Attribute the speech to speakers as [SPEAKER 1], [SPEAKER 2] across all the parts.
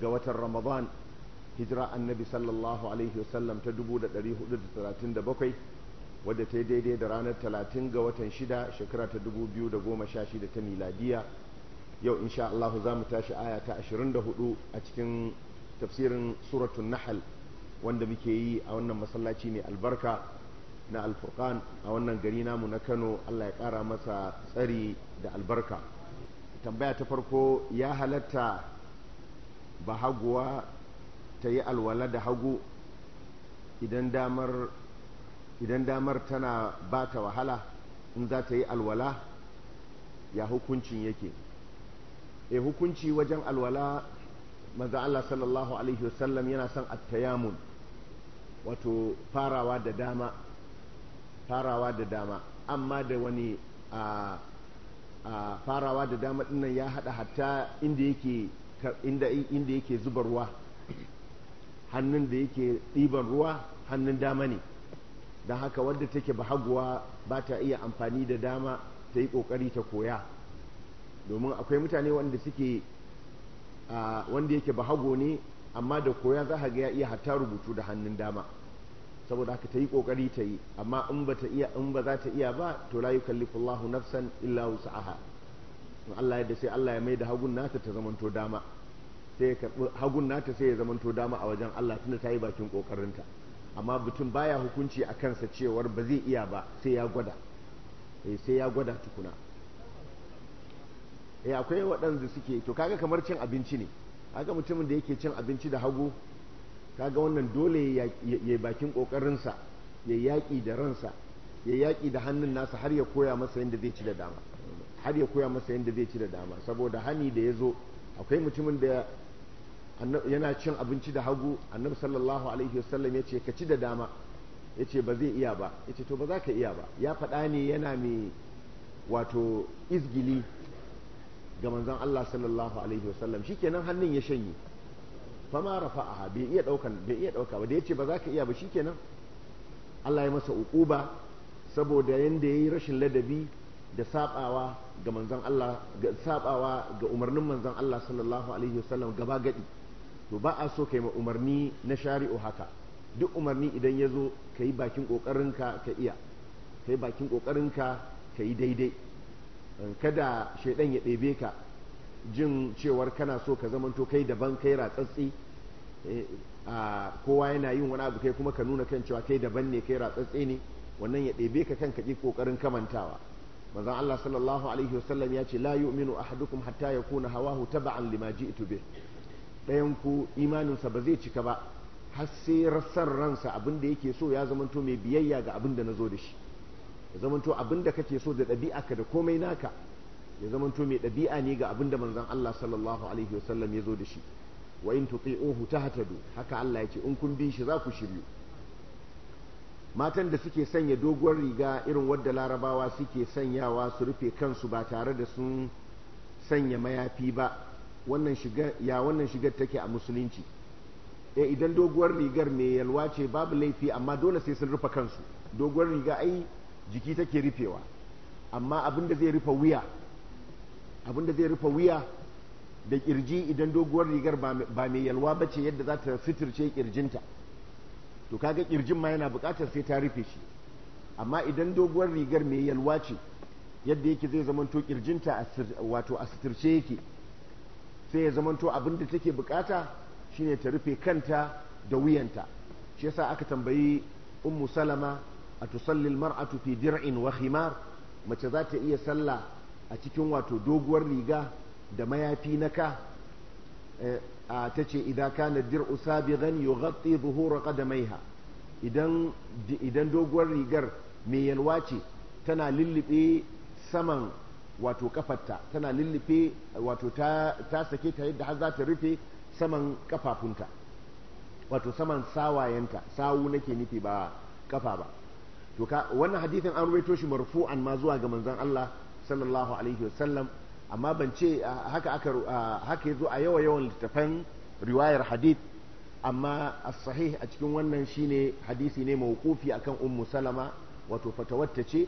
[SPEAKER 1] ga watan ramadan hijira annabi sallallahu alaihi wasallam ta 1437 wadda ta yi daidai da ranar 30 ga watan 6 shekara ta 2016 ta miladiya yau insha Allah za mu tashi aya ta 24 a cikin tafsirin suratun nahal wanda muke yi a wannan masallaci mai albarka na alfurkan a wannan gari namu na kano allah ya kara masa tsari da albarka tambaya ta farko ya halatta ba haguwa ta yi alwala da hagu idan damar idan damar tana ba ta wahala in za ta yi alwala ya hukuncin yake e hukunci wajen alwala maza Allah sallallahu alaihi wasallam yana son attayamun wato farawa da dama farawa da dama amma da wani a farawa da dama dinnan ya hada hatta inda yake inda yake zuba ruwa hannun da yake ɗiban ruwa hannun dama ne don haka wadda take bahaguwa ba ta iya amfani da dama ta yi ƙoƙari ta koya domin akwai mutane wanda suke wanda yake bahago ne amma da koya za ga ya iya hatta rubutu da hannun dama saboda haka ta yi ƙoƙari ta yi amma in ba ta iya in ba za ta iya ba to la yukallifullahu nafsan illa wus'aha in Allah ya da sai Allah ya mai da hagun nata ta zamanto dama sai ya karɓi hagun nata sai ya zamanto dama a wajen Allah tunda ta yi bakin ƙoƙarinta amma mutum baya hukunci a kansa cewar ba zai iya ba sai ya gwada eh, sai ya gwada tukuna eh akwai waɗanda suke to kaga kamar cin abinci ne kaga mutumin da yake cin abinci da hagu kaga wannan dole ya bakin ƙoƙarinsa ya yaƙi da ransa ya yaƙi da hannun nasa har ya koya masa yadda zai ci da dama har ya koya masa yadda zai ci da dama saboda hani da ya zo akwai mutumin da yana cin abinci da hagu annabi sallallahu alaihi wasallam ya ce ka ci da dama ya ce ba zai iya ba ya ce to ba za ka iya ba ya faɗa ne yana mai wato izgili ga manzan Allah sallallahu alaihi wasallam shikenan hannun ya shanye fama a bai iya ɗauka bai iya ɗauka ba da yace ba za ka iya ba shikenan Allah ya masa uquba saboda yanda yi rashin ladabi da sabawa ga manzan Allah ga sabawa ga umarnin manzan Allah sallallahu alaihi wasallam gaba gadi to ba a so kai ma umarni na shari'u haka duk umarni idan ya zo ka yi bakin ƙoƙarinka ka iya ka yi bakin ƙoƙarinka ka yi daidai kada shaidan ya ɗebe ka jin cewar kana so ka zamanto kai daban kai ratsatsi eh, a kowa yana yin wani abu kai kuma ka nuna kan cewa kai daban ne kai ratsatsi ne wannan ya ɗebe ka kan kaƙi ƙoƙarin kamantawa manzon Allah sallallahu alaihi wasallam ya ce la yu'minu ahadukum hatta yakuna hawahu taba'an lima ji'tu bih ɗayan ku imaninsa ba zai cika ba har sai rassan ransa abinda da yake so ya zamanto mai biyayya ga abin da na zo da shi ya zamanto abin da kake so da ɗabi'a ka da komai naka ya zamanto mai ɗabi'a ne ga abinda da manzon Allah sallallahu alaihi wasallam ya zo da shi wa in hata tahtadu haka Allah ya ce in kun bi shi za ku shiryu matan da suke sanya doguwar riga irin wadda larabawa suke sanyawa su rufe kansu ba tare da sun sanya mayafi ba wannan shiga ya wannan shigar take a musulunci e idan doguwar rigar mai yalwa ce babu laifi amma dole sai sun rufe kansu doguwar riga ai jiki take rufewa amma abinda zai rufe wuya abinda zai rufe wuya da kirji idan doguwar rigar ba mai yalwa ba ce yadda za ta fitirce kirjinta to kaga kirjin ma yana bukatar sai ta rufe shi amma idan doguwar rigar mai yalwa ce yadda yake zai zamanto kirjinta wato a suturce yake sai ya zamanto abin da take bukata shine ta rufe kanta da wuyanta shi yasa aka tambayi ummu salama a tusalli mar'atu fi dir'in wa khimar mace za ta iya sallah a cikin wato doguwar riga da mayafi na ka eh, a ta ce idan kana dir'u sabighan yughatti zuhura qadamaiha idan idan doguwar rigar mai yalwa ce tana lullube saman wato kafarta tana lullufe wato ta sake ta yadda har za ta rufe saman kafafunta wato saman sawayenta sawu nake nufi ba kafa ba to ka wannan hadithin an rubuto shi marfu'an ma zuwa ga manzon Allah sallallahu alaihi wasallam amma ban ce haka aka haka yazo a yawa yawan littafan riwayar hadith amma as-sahih a cikin wannan shine hadisi ne mawqufi akan ummu salama wato fatawatta ce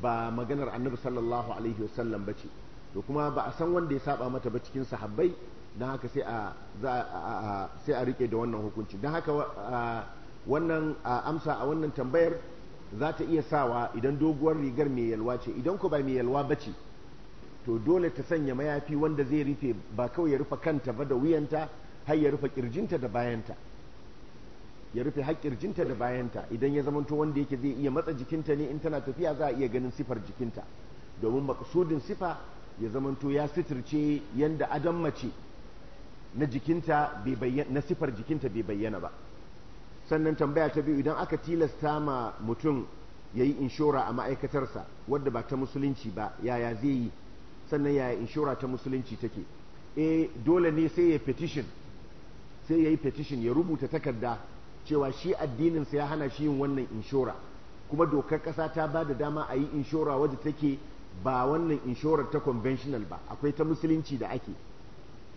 [SPEAKER 1] ba maganar annabi sallallahu alaihi wasallam ba ce to kuma ba a san wanda ya saba mata ba cikin sahabbai don haka sai a sai a rike da wannan hukunci don haka wannan a amsa a wannan tambayar za ta iya sawa idan doguwar rigar mai yalwa ce idan ko ba mai yalwa ba ce to dole ta sanya mayafi wanda zai rufe ba kawai ya rufe kanta ba da wuyanta har ya rufe kirjinta da bayanta ya rufe haƙƙirjinta da bayanta idan ya zamanto wanda yake zai iya matsa jikinta ne in tana tafiya za a iya ganin sifar jikinta domin maksudin sifa ya zamanto ya sitirce yanda adam mace na sifar jikinta bai bayyana ba sannan tambaya ta biyu idan aka tilasta ma mutum ya yi inshora a ma'aikatarsa wadda ba ta musulunci ba yaya zai yi sannan yaya inshora ta musulunci take eh dole ne sai ya yi petition ya rubuta takarda cewa shi addininsa ya hana shi yin wannan inshora kuma dokar ƙasa ta ba da dama a yi inshora wadda take ba wannan inshorar ta conventional ba akwai ta musulunci da ake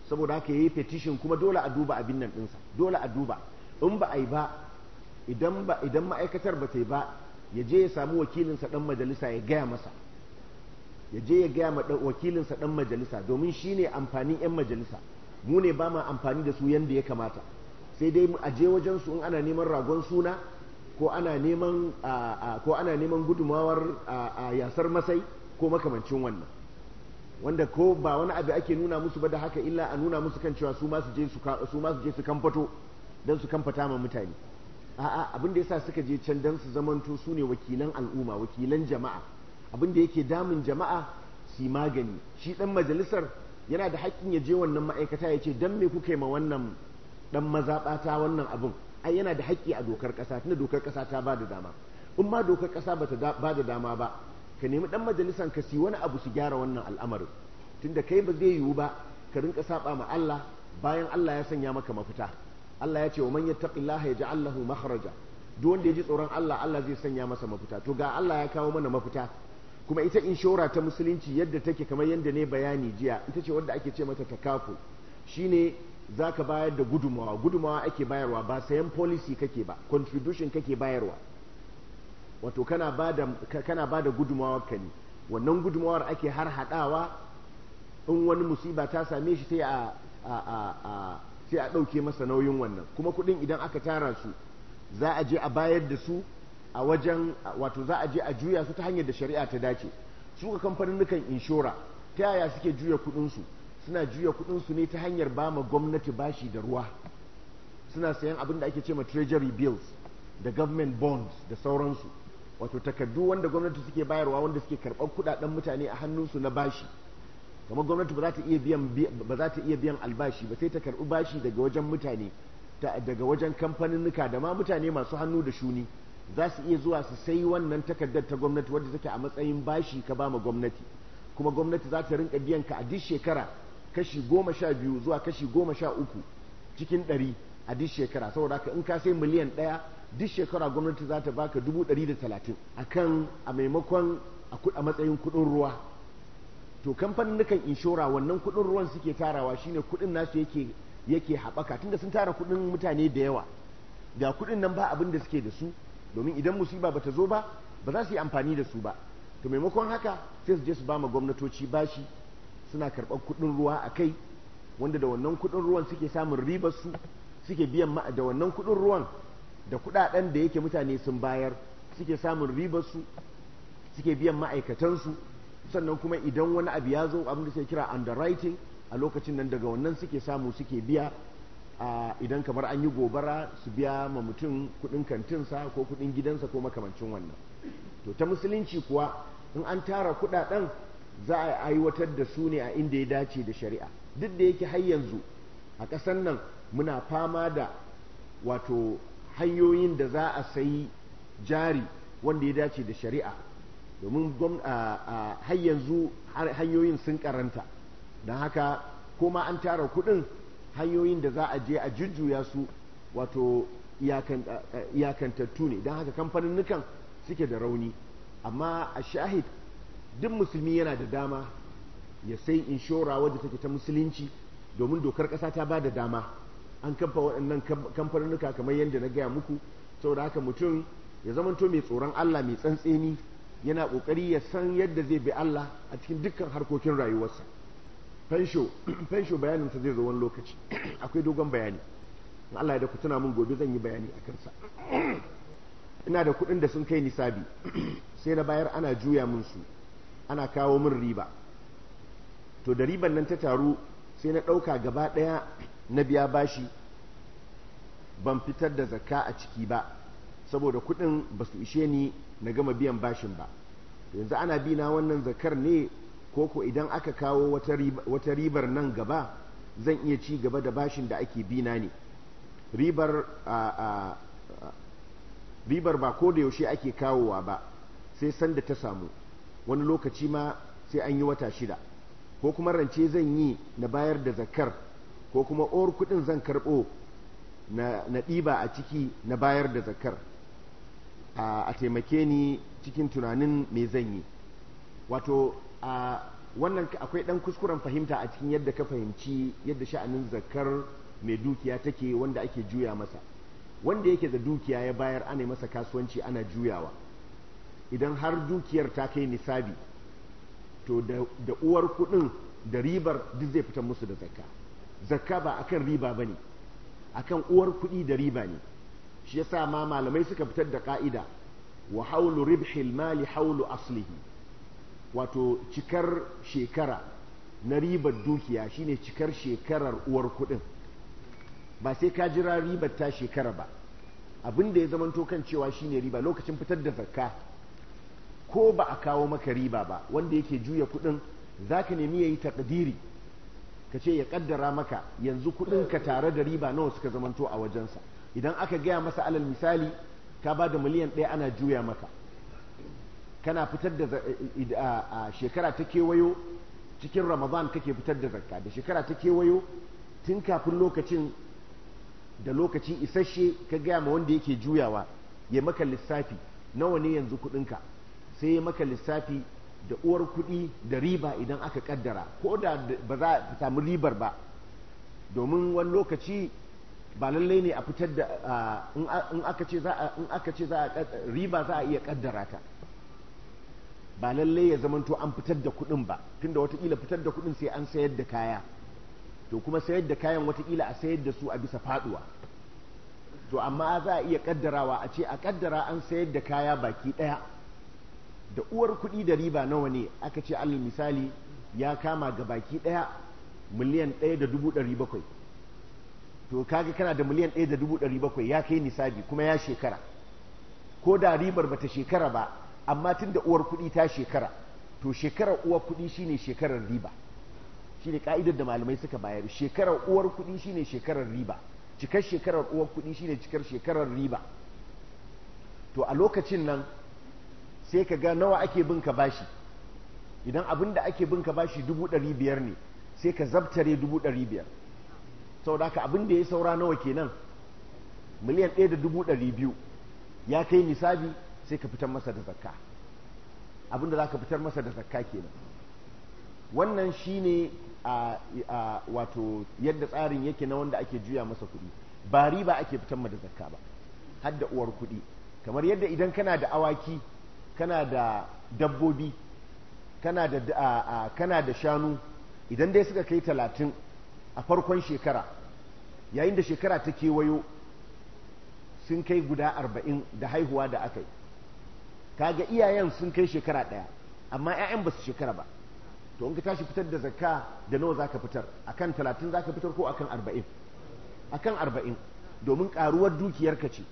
[SPEAKER 1] saboda haka ya yi petition kuma dole a duba abin nan ɗinsa dole a duba in ba a yi ba idan ma'aikatar ba ta yi ba ya je ya samu wakilinsa dan majalisa ya gaya masa ya je ya gaya ma wakilinsa dan majalisa domin shine ne amfanin 'yan majalisa mu ne ba ma amfani da su yadda ya kamata sai dai a je wajen su in ana neman ragon suna ko ana neman ko ana gudumawar yasar masai ko makamancin wannan wanda ko ba wani abu ake nuna musu ba da haka illa a nuna musu kan cewa su ma su je su ma kamfato dan su kamfata ma mutane a'a abin da yasa suka je can dan su zamanto su ne wakilan al'umma wakilan jama'a abin da yake damun jama'a su magani shi dan majalisar yana da haƙƙin ya je wannan ma'aikata ya ce dan me kuka yi ma wannan dan bata wannan abun ai yana da haƙƙi a dokar ƙasa tunda dokar ƙasa ta ba dama in ma dokar ƙasa bata da dama ba ka nemi dan majalisan ka si wani abu su gyara wannan al'amarin tunda kai ba zai yiwu ba ka rinka saba ma Allah bayan Allah ya sanya maka mafita Allah ya ce wa man yattaqillaha yaj'al lahu makhraja duk wanda ya ji tsoron Allah Allah zai sanya masa mafita to ga Allah ya kawo mana mafita kuma ita inshora ta musulunci yadda take kamar yadda ne bayani jiya ita ce wadda ake ce mata takafu shine za ka bayar da gudumawa gudumawa ake bayarwa ba sayan policy kake ba contribution kake bayarwa wato kana ba da gudumawar ka ne wannan gudumawar ake har hadawa in wani musiba ta same shi sai a a ɗauke masa nauyin wannan kuma kuɗin idan aka tara su za a je a bayar da su a wajen wato za a je a juya su ta hanyar da shari'a ta dace su ga kamfanin inshora ta yaya suke juya kuɗinsu su suna juya kudinsu ne ta hanyar ba ma gwamnati bashi da ruwa suna sayan abin da ake ce ma treasury bills da government bonds da sauransu wato takardu wanda gwamnati suke bayarwa wanda suke karɓar kudaden mutane a hannunsu na bashi kamar gwamnati ba za ta iya biyan albashi ba sai ta karɓi bashi daga wajen mutane daga wajen kamfaninnika da ma mutane masu hannu da shuni za su iya zuwa su sai wannan takardar ta gwamnati wadda take a matsayin bashi ka ba ma gwamnati kuma gwamnati za ta rinka biyan ka a duk shekara kashi goma sha biyu zuwa kashi goma sha uku cikin ɗari a duk shekara saboda haka in ka sai miliyan ɗaya duk shekara gwamnati za ta baka dubu ɗari da talatin a kan a maimakon a matsayin kuɗin ruwa to kamfanin kan inshora wannan kuɗin ruwan suke tarawa shine kuɗin nasu yake yake haɓaka tunda sun tara kuɗin mutane da yawa ga kuɗin nan ba abin da suke da su domin idan musiba bata zo ba ba za su yi amfani da su ba to maimakon haka sai su je su ba ma gwamnatoci bashi suna karɓar kuɗin ruwa a kai wanda da wannan kuɗin ruwan suke samun ribarsu suke biyan da wannan kuɗin ruwan da kuɗaɗen da yake mutane sun bayar suke samun ribarsu suke biyan ma'aikatansu sannan kuma idan wani abu ya zo abin da suke kira underwriting a lokacin nan daga wannan suke samu suke biya idan kamar an yi gobara su biya ma mutum kuɗin kantinsa ko kuɗin gidansa ko makamancin wannan to ta musulunci kuwa in an tara kuɗaɗen za a aiwatar da su ne a inda ya dace da shari'a duk da yake har yanzu a ƙasar nan muna fama da wato hanyoyin da za a sayi jari wanda ya dace da shari'a domin har yanzu hanyoyin sun karanta don haka koma an tara kudin hanyoyin da za a je a jujjuya su wato iyakantattu ne don haka kamfanin nukan suke da rauni amma a shahid duk musulmi yana da dama ya sai inshora wadda take ta musulunci domin dokar ƙasa ta ba da dama an kamfa waɗannan kamfanunuka kamar yadda na gaya muku saboda haka mutum ya zamanto mai tsoron Allah mai tsantseni yana ƙoƙari ya san yadda zai bi Allah a cikin dukkan harkokin rayuwarsa fensho bayanin sa zai zo wani lokaci akwai dogon bayani in Allah ya da ku tuna mun gobe zan yi bayani a kansa ina da kuɗin da sun kai nisabi sai na bayar ana juya mun su ana kawo min riba to da riban nan ta taru sai na ɗauka gaba ɗaya na biya bashi ban fitar da zakka a ciki ba saboda kuɗin ba su ishe ni na gama biyan bashin ba yanzu ana bi na wannan zakar ne ko idan aka kawo wata ribar nan gaba zan iya ci gaba da bashin da ake bina ne ribar ribar ba ko da yaushe ake kawowa ba sai sanda ta samu wani lokaci ma sai an yi wata shida ko kuma rance zan yi na bayar da zakar ko kuma or kudin zan karbo na ɗiba a ciki na bayar da zakar a taimake ni cikin tunanin me zan yi wato a wannan akwai ɗan kuskuren fahimta a cikin yadda ka fahimci yadda sha'anin zakar mai dukiya take wanda ake juya masa wanda yake da dukiya ya bayar ana masa kasuwanci ana juyawa idan har dukiyar ta kai nisabi to da uwar kudin da ribar duk zai fitar musu da zakka zakka ba akan riba ba bane akan uwar kudi da riba ne shi yasa ma malamai suka fitar da ka'ida wa haulu ribhil mali haulu aslihi wato cikar shekara na ribar dukiya shine cikar shekarar uwar kudin ba sai ka jira ribar ta shekara ba abinda da ya zamanto kan cewa shine riba lokacin fitar da zakka ko ba a kawo maka riba ba wanda yake juya kuɗin za ka nemi ya yi takdiri ka ce ya kaddara maka yanzu kuɗin ka tare da riba nawa suka zamanto a wajensa idan aka gaya masa alal misali ka ba da miliyan ɗaya ana juya maka kana fitar da a shekara ta kewayo cikin ramadan kake fitar da zakka da shekara ta kewayo tun kafin lokacin da lokaci isasshe ka gaya ma wanda yake juyawa ya maka lissafi nawa ne yanzu kuɗinka sai ya maka lissafi da uwar kuɗi da riba idan aka kaddara ko da ba za a samu ribar ba domin wani lokaci ba lallai ne a fitar da in aka ce za a riba za a iya kaddara ta ba lallai ya zamanto an fitar da kuɗin ba tunda watakila fitar da kuɗin sai an sayar da kaya to kuma sayar da kayan watakila a sayar da su a bisa faduwa to amma za a iya kaddarawa a ce a kaddara an sayar da kaya baki ɗaya da uwar kuɗi da riba nawa ne aka ce alal misali ya kama ga baki ɗaya miliyan ɗaya da dubu ɗari bakwai to kaga kana da miliyan ɗaya da dubu ɗari bakwai ya kai nisabi kuma ya shekara ko da ribar bata shekara ba amma tun da uwar kuɗi ta shekara to shekarar uwar kuɗi shine shekarar riba shine ka'idar da malamai suka bayar shekarar uwar kuɗi shine shekarar riba cikar shekarar uwar kuɗi shine cikar shekarar riba to a lokacin nan sai ka ga nawa ake bin ka bashi idan abin da ake bin ka bashi dubu ɗari biyar ne sai ka zabtare dubu ɗari biyar saboda haka abin da ya saura nawa kenan miliyan ɗaya da dubu ɗari biyu ya kai nisabi sai ka fitar masa da zakka abin da za ka fitar masa da zakka kenan wannan shine a wato yadda tsarin yake na wanda ake juya masa kuɗi ba riba ake fitar da zakka ba hadda uwar kuɗi kamar yadda idan kana da awaki kana da dabbobi kana da kana da shanu idan dai suka kai talatin a farkon shekara yayin da shekara ta kewayo sun kai guda arba'in da haihuwa da aka yi kaga iyayen sun kai shekara ɗaya amma 'ya'yan ba su shekara ba to in ka tashi fitar da zakka da nawa zaka fitar akan talatin zaka fitar ko akan arba'in akan arba'in domin karuwar dukiyarka ce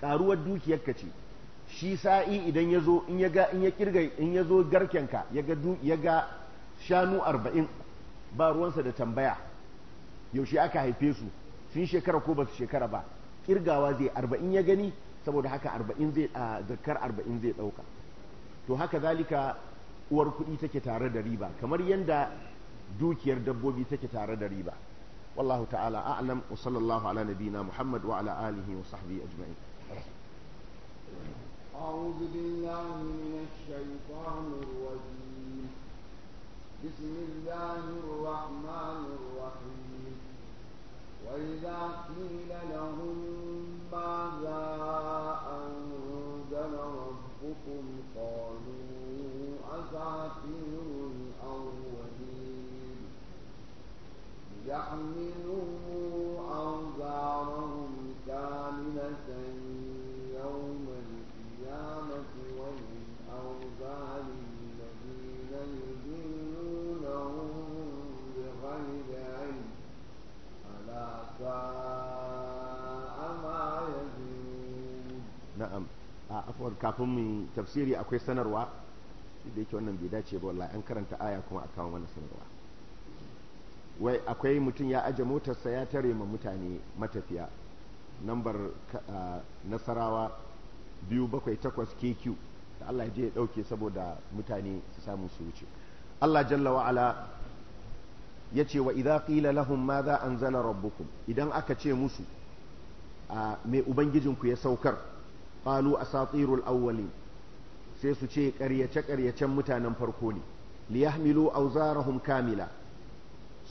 [SPEAKER 1] karuwar dukiyarka ce shi sa'i idan ya zo in ya ga in ya kirga in ya zo garkenka ya ya ga shanu arba'in ba ruwansa da tambaya yaushe aka haife su sun shekara ko ba su shekara ba kirgawa zai arba'in ya gani saboda haka arba'in zai a zakar arba'in zai ɗauka to haka zalika uwar kuɗi take tare da riba kamar yadda dukiyar dabbobi take tare da riba wallahu ta'ala a'lam wa sallallahu ala nabiyina muhammad wa ala alihi wa sahbihi ajma'in
[SPEAKER 2] أعوذ بالله من الشيطان الرجيم بسم الله الرحمن الرحيم وإذا قيل لهم ماذا أنزل ربكم قالوا أساطير الأولين يحملون
[SPEAKER 1] na'am a afwan kafin mu tafsiri akwai sanarwa da yake wannan bai dace ba wallahi an karanta aya kuma a kawo mana sanarwa wai akwai mutum ya aje motarsa ya tare ma mutane matafiya nambar nasarawa biyu bakwai takwas kq da Allah je ya dauke saboda mutane su samu su wuce Allah jalla wa'ala ya ce wa idha qila lahum ma za anzala rabbukum idan aka ce musu mai ubangijinku ya saukar qalu asatirul awwalin sai su ce ƙaryace ƙaryacen mutanen farko ne liyahmilu auzarahum kamila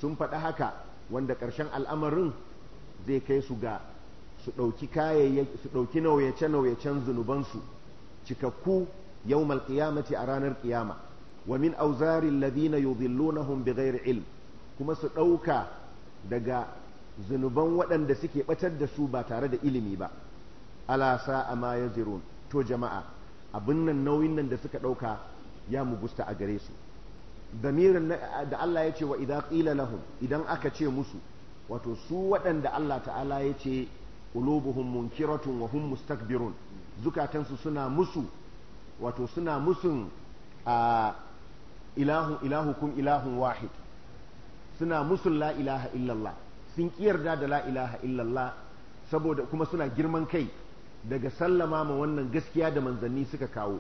[SPEAKER 1] sun faɗi haka wanda ƙarshen al'amarin zai kai su ga su ɗauki kayayyaki su nauyace nauyacen zunubansu cikakku yawmal qiyamati a ranar qiyama wa min auzarin ladina yudhillunahum bighairi ilm kuma su ɗauka daga zunuban waɗanda suke ɓatar da su ba tare da ilimi ba ala sa'a ma yazirun to jama'a abin nan nauyin nan da suka dauka ya mu mugusta a gare su damirin da Allah ya ce wa idan qila lahum idan aka ce musu wato su waɗanda Allah ta'ala ya ce qulubuhum munkiratun wa hum mustakbirun zukatansu suna musu wato suna musun a ilahun ilahukum ilahun wahid suna musun la ilaha illallah sun kiyarda da la ilaha illallah saboda kuma suna girman kai daga sallama ma wannan gaskiya da manzanni suka kawo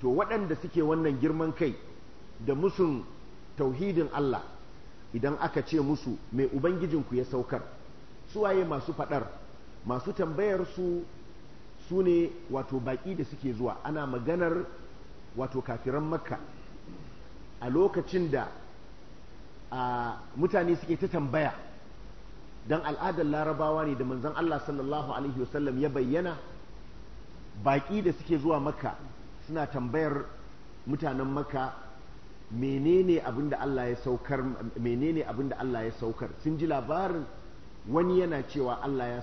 [SPEAKER 1] to waɗanda suke wannan girman kai da musun tauhidin Allah idan aka ce musu mai ubangijinku ya saukar suwaye masu faɗar masu tambayar su su ne wato baƙi da suke zuwa ana maganar wato kafiran makka a lokacin da mutane suke ta tambaya don al'adar larabawa ne da manzon Allah sallallahu alaihi wasallam ya bayyana baƙi da suke zuwa makka suna tambayar mutanen maka menene abin da Allah ya saukar menene abin da Allah ya saukar sun ji labarin wani yana cewa Allah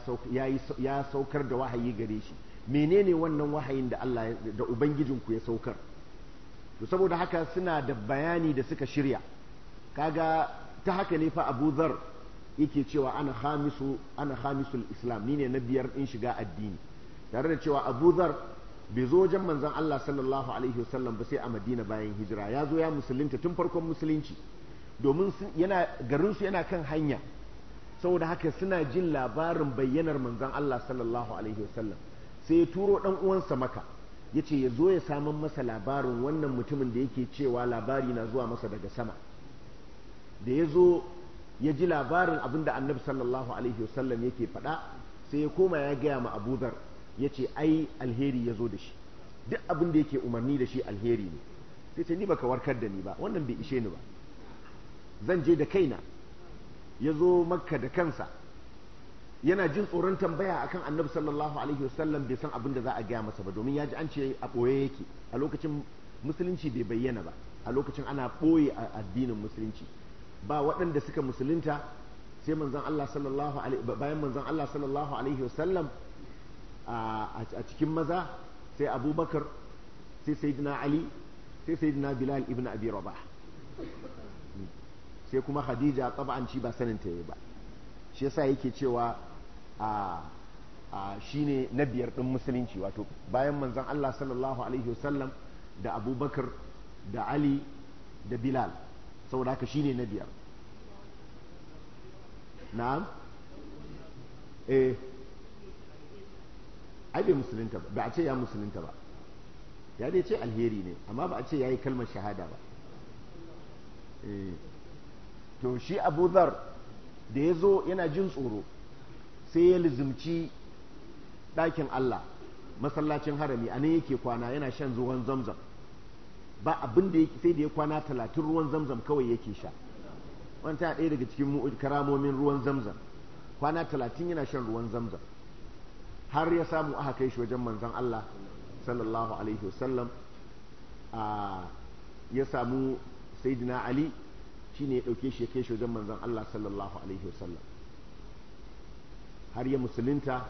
[SPEAKER 1] ya saukar da wahayi gare shi menene wannan wahayin da Allah da ubangijinku ya saukar to saboda haka suna da bayani da suka shirya kaga ta haka ne fa Abu Dharr yake cewa ana khamisu ana khamisul islam ni ne na biyar in shiga addini tare da cewa Abu zar bai zo wajen manzan Allah sallallahu alaihi wasallam ba sai a Madina bayan hijira ya zo ya musulunta tun farkon musulunci domin yana garin yana kan hanya saboda haka suna jin labarin bayyanar manzan Allah sallallahu alaihi wasallam sai ya turo ɗan uwansa maka ya ce ya zo ya samun masa labarin wannan mutumin da yake cewa labari na zuwa masa daga sama da ya zo ya ji labarin abin da annabi sallallahu alaihi wasallam yake faɗa sai ya koma ya gaya ma abu ya ce ai alheri ya zo da shi duk abin da yake umarni da shi alheri ne sai ce ni baka warkar da ni ba wannan bai ishe ni ba zan je da kaina ya zo makka da kansa yana jin tsoron tambaya akan annabi sallallahu alaihi wasallam bai san abin da za a gaya masa ba domin ya ji an ce a ɓoye yake a lokacin musulunci bai bayyana ba a lokacin ana ɓoye a addinin musulunci ba waɗanda suka musulunta sai manzon Allah bayan manzon Allah sallallahu alaihi wasallam a cikin maza sai abubakar sai sayyidina ali sai sayyidina bilal ibn abi rabah sai kuma khadija taba'an shi ba sanin ta yi ba shi yasa yake cewa a shine na biyar din musulunci wato bayan manzon Allah sallallahu alaihi wasallam da abubakar da ali da bilal saboda haka shine na biyar na'am eh ai bai musulunta ba ba a ce ya musulunta ba ya dai ce alheri ne amma ba a ce ya yi kalmar shahada ba eh. to shi abu zar da ya zo yana jin tsoro sai ya lizimci ɗakin allah masallacin harami a nan yake kwana yana shan ruwan zamzam ba abin da sai da ya kwana talatin ruwan zamzam kawai yake sha wani ta ɗaya daga cikin karamomin ruwan zamzam kwana talatin yana shan ruwan zamzam har ya samu aka kai shi wajen manzon Allah sallallahu alaihi wasallam ya samu sayyidina Ali shine ya ɗauke shi ya kai shi wajen manzon Allah sallallahu alaihi wasallam har ya musulunta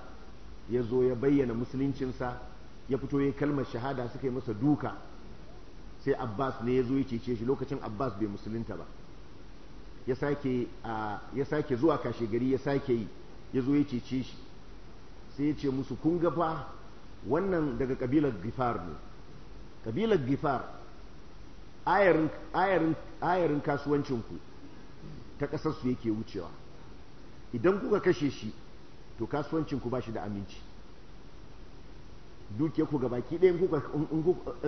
[SPEAKER 1] ya zo ya bayyana musuluncinsa ya fito ya kalmar shahada suka yi masa duka sai Abbas ne ya zo ya cece shi lokacin Abbas bai musulunta ba ya sake zuwa kashe gari ya sake yi ya zo ya cece shi sai ya ce musu kun ga fa wannan daga kabilar gifar ne kabilar gifar ayarin kasuwancinku ta ƙasarsu yake wucewa idan kuka kashe shi to kasuwancinku ba shi da aminci duke ku baki ɗaya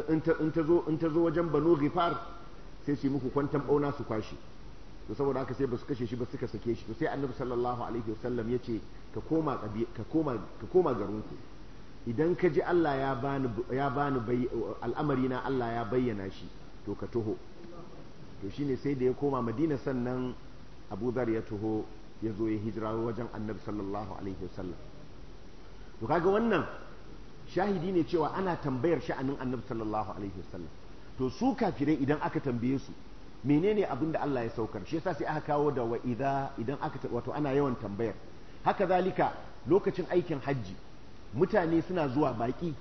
[SPEAKER 1] in ta zo wajen bano gifar sai su yi muku kwantan ɓauna su kwashe to saboda haka sai basu kashe shi ba suka sake shi to sai annabi sallallahu alaihi wasallam ya ce ka koma ka koma ka koma garinku idan ka ji Allah ya bani ya bani al'amari na Allah ya bayyana shi to ka toho to shine sai da ya koma Madina sannan Abu Dhar ya toho ya zo ya hijira wajen annabi sallallahu alaihi wasallam to kaga wannan shahidi ne cewa ana tambayar sha'anin annabi sallallahu alaihi wasallam to su kafirai idan aka tambaye su menene abin da Allah ya saukar shi yasa sai aka kawo da wa idza idan aka wato ana yawan tambayar haka zalika lokacin aikin hajji mutane suna zuwa baki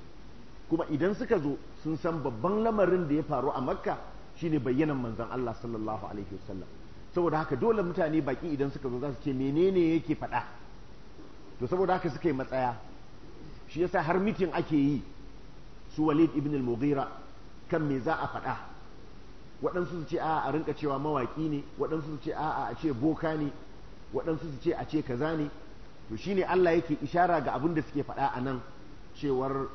[SPEAKER 1] kuma idan suka zo sun san babban lamarin da ya faru a makka shine bayyanan manzon Allah sallallahu alaihi wasallam saboda haka dole mutane baki idan suka zo za su ce menene yake faɗa to saboda haka suka yi matsaya shi yasa har mitin ake yi su walid ibn al-mughira kan me za a faɗa waɗansu su ce a a rinka cewa mawaƙi ne waɗansu su ce a a ce boka ne waɗansu su ce a ce kaza ne to shine Allah yake ishara ga abin da suke faɗa a nan cewar